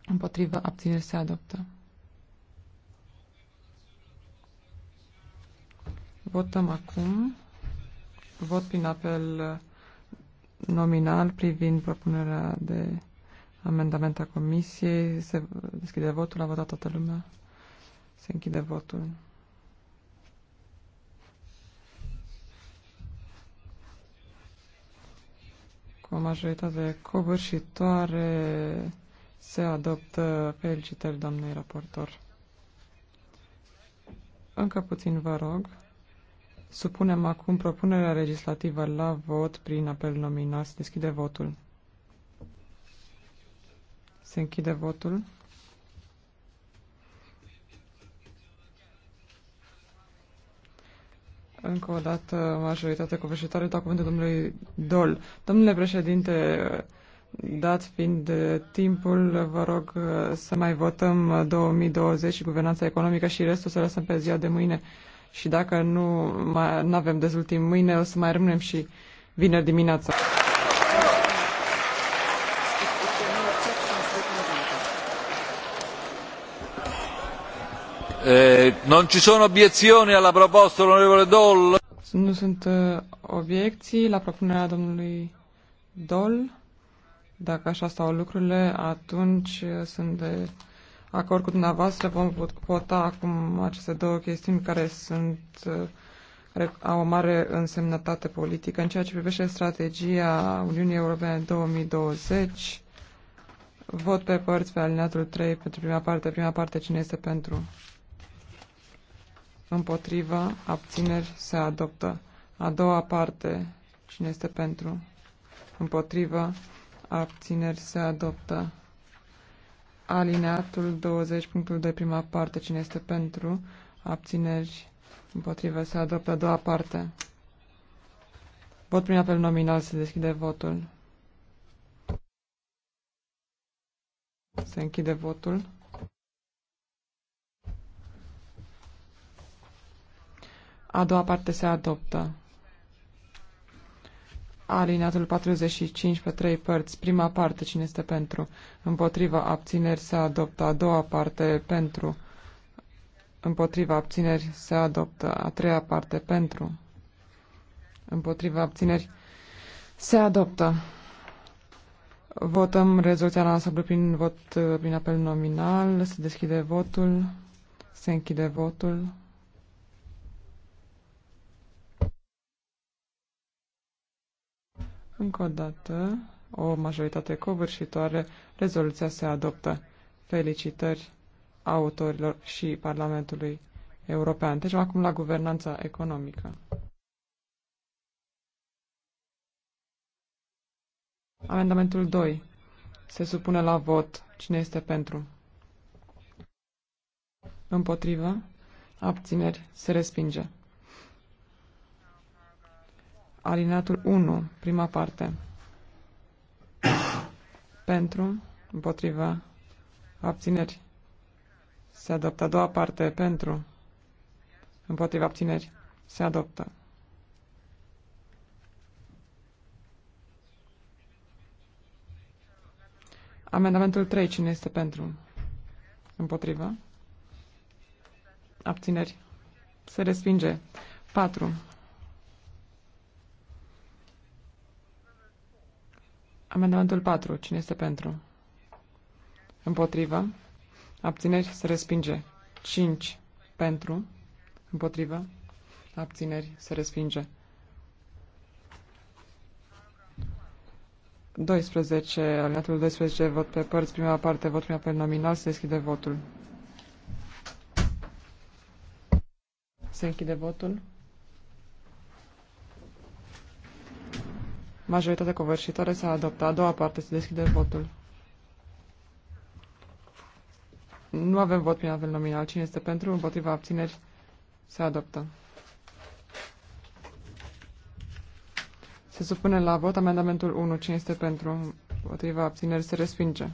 Împotrivă. Abțineri. Se adoptă. Votăm acum vot prin apel nominal privind propunerea de amendament a comisiei. Se deschide votul, a votat toată lumea. Se închide votul. Cu o majoritate covârșitoare se adoptă felicitări doamnei raportor. Încă puțin vă rog. Supunem acum propunerea legislativă la vot prin apel nominal. Se deschide votul. Se închide votul. Încă o dată, majoritatea covârșitoare, dau cuvântul domnului Dol. Domnule președinte, dat fiind timpul, vă rog uh, să mai votăm 2020 și guvernanța economică și restul să lăsăm pe ziua de mâine și dacă nu mai, avem destul timp mâine, o să mai rămânem și vineri dimineața. Eh, non ci sono obiezioni alla proposta onorevole Doll? Nu sunt uh, obiecții la propunerea domnului Doll. Dacă așa stau lucrurile, atunci eh, sunt de acord cu dumneavoastră. Vom vota acum aceste două chestiuni care sunt uh, care au o mare însemnătate politică în ceea ce privește strategia Uniunii Europene 2020. Vot pe părți pe alineatul 3 pentru prima parte. Prima parte cine este pentru? Împotriva, abțineri, se adoptă. A doua parte, cine este pentru? Împotriva, abțineri, se adoptă alineatul 20, punctul de prima parte, cine este pentru, abțineri, împotrivă, se adoptă a doua parte. Vot prin apel nominal, se deschide votul. Se închide votul. A doua parte se adoptă. Alineatul 45 pe trei părți. Prima parte, cine este pentru? Împotriva abțineri se adoptă. A doua parte, pentru. Împotriva abțineri se adoptă. A treia parte, pentru. Împotriva abțineri se adoptă. Votăm rezoluția la ansamblu prin vot, prin apel nominal. Se deschide votul. Se închide votul. Încă o dată, o majoritate covârșitoare, rezoluția se adoptă. Felicitări autorilor și Parlamentului European. Deci acum la guvernanța economică. Amendamentul 2. Se supune la vot. Cine este pentru? Împotrivă? Abțineri? Se respinge alineatul 1, prima parte. Pentru, împotriva, abțineri. Se adoptă a doua parte, pentru, împotriva, abțineri. Se adoptă. Amendamentul 3, cine este pentru? Împotriva. Abțineri. Se respinge. 4. Amendamentul 4. Cine este pentru? Împotrivă. Abțineri se respinge. 5. Pentru. Împotrivă. Abțineri se respinge. 12. Alineatul 12. Vot pe părți. Prima parte. Vot prima pe nominal. Se deschide votul. Se închide votul. Majoritatea covârșitoare s-a adoptat. A doua parte se deschide votul. Nu avem vot prin apel nominal. Cine este pentru? Împotriva abțineri se adoptă. Se supune la vot amendamentul 1. Cine este pentru? Împotriva abțineri se respinge.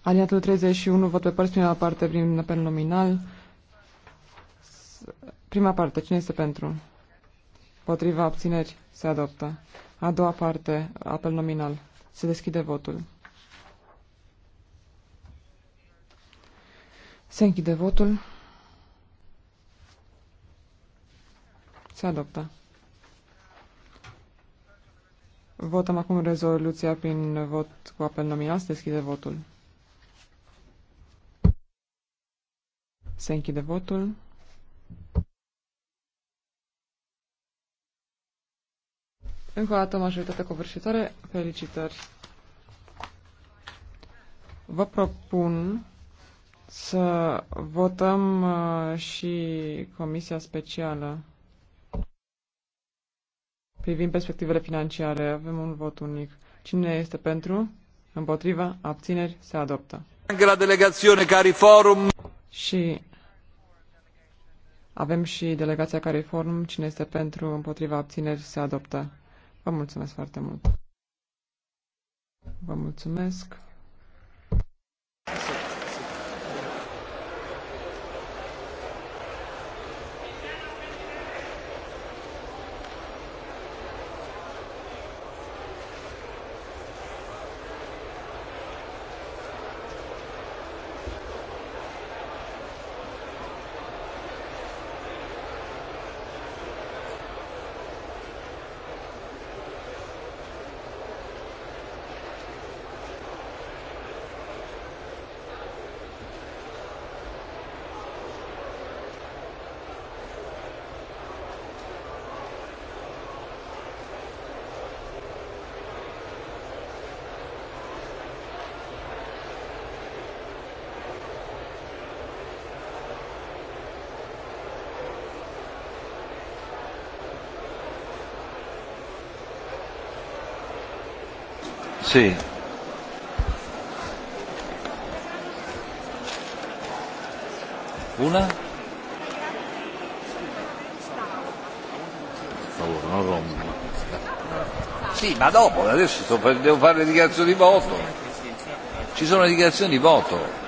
Aliatul 31, vot pe părți, prima parte prin apel nominal. Prima parte, cine este pentru? Potriva abțineri se adoptă. A doua parte, apel nominal. Se deschide votul. Se închide votul. Se adoptă. Votăm acum rezoluția prin vot cu apel nominal. Se deschide votul. Se închide votul. Încă o dată majoritatea covârșitoare. Felicitări. Vă propun să votăm uh, și Comisia Specială privind perspectivele financiare. Avem un vot unic. Cine este pentru? Împotriva? Abțineri? Se adoptă. Anche la delegazione Forum. Și avem și delegația Forum. Cine este pentru? Împotriva? Abțineri? Se adoptă. Vă mulțumesc foarte mult. Vă mulțumesc. Sì. Una? favore, non rompo. Sì, ma dopo, adesso sto, devo fare le dichiarazioni di voto. Ci sono le dichiarazioni di voto.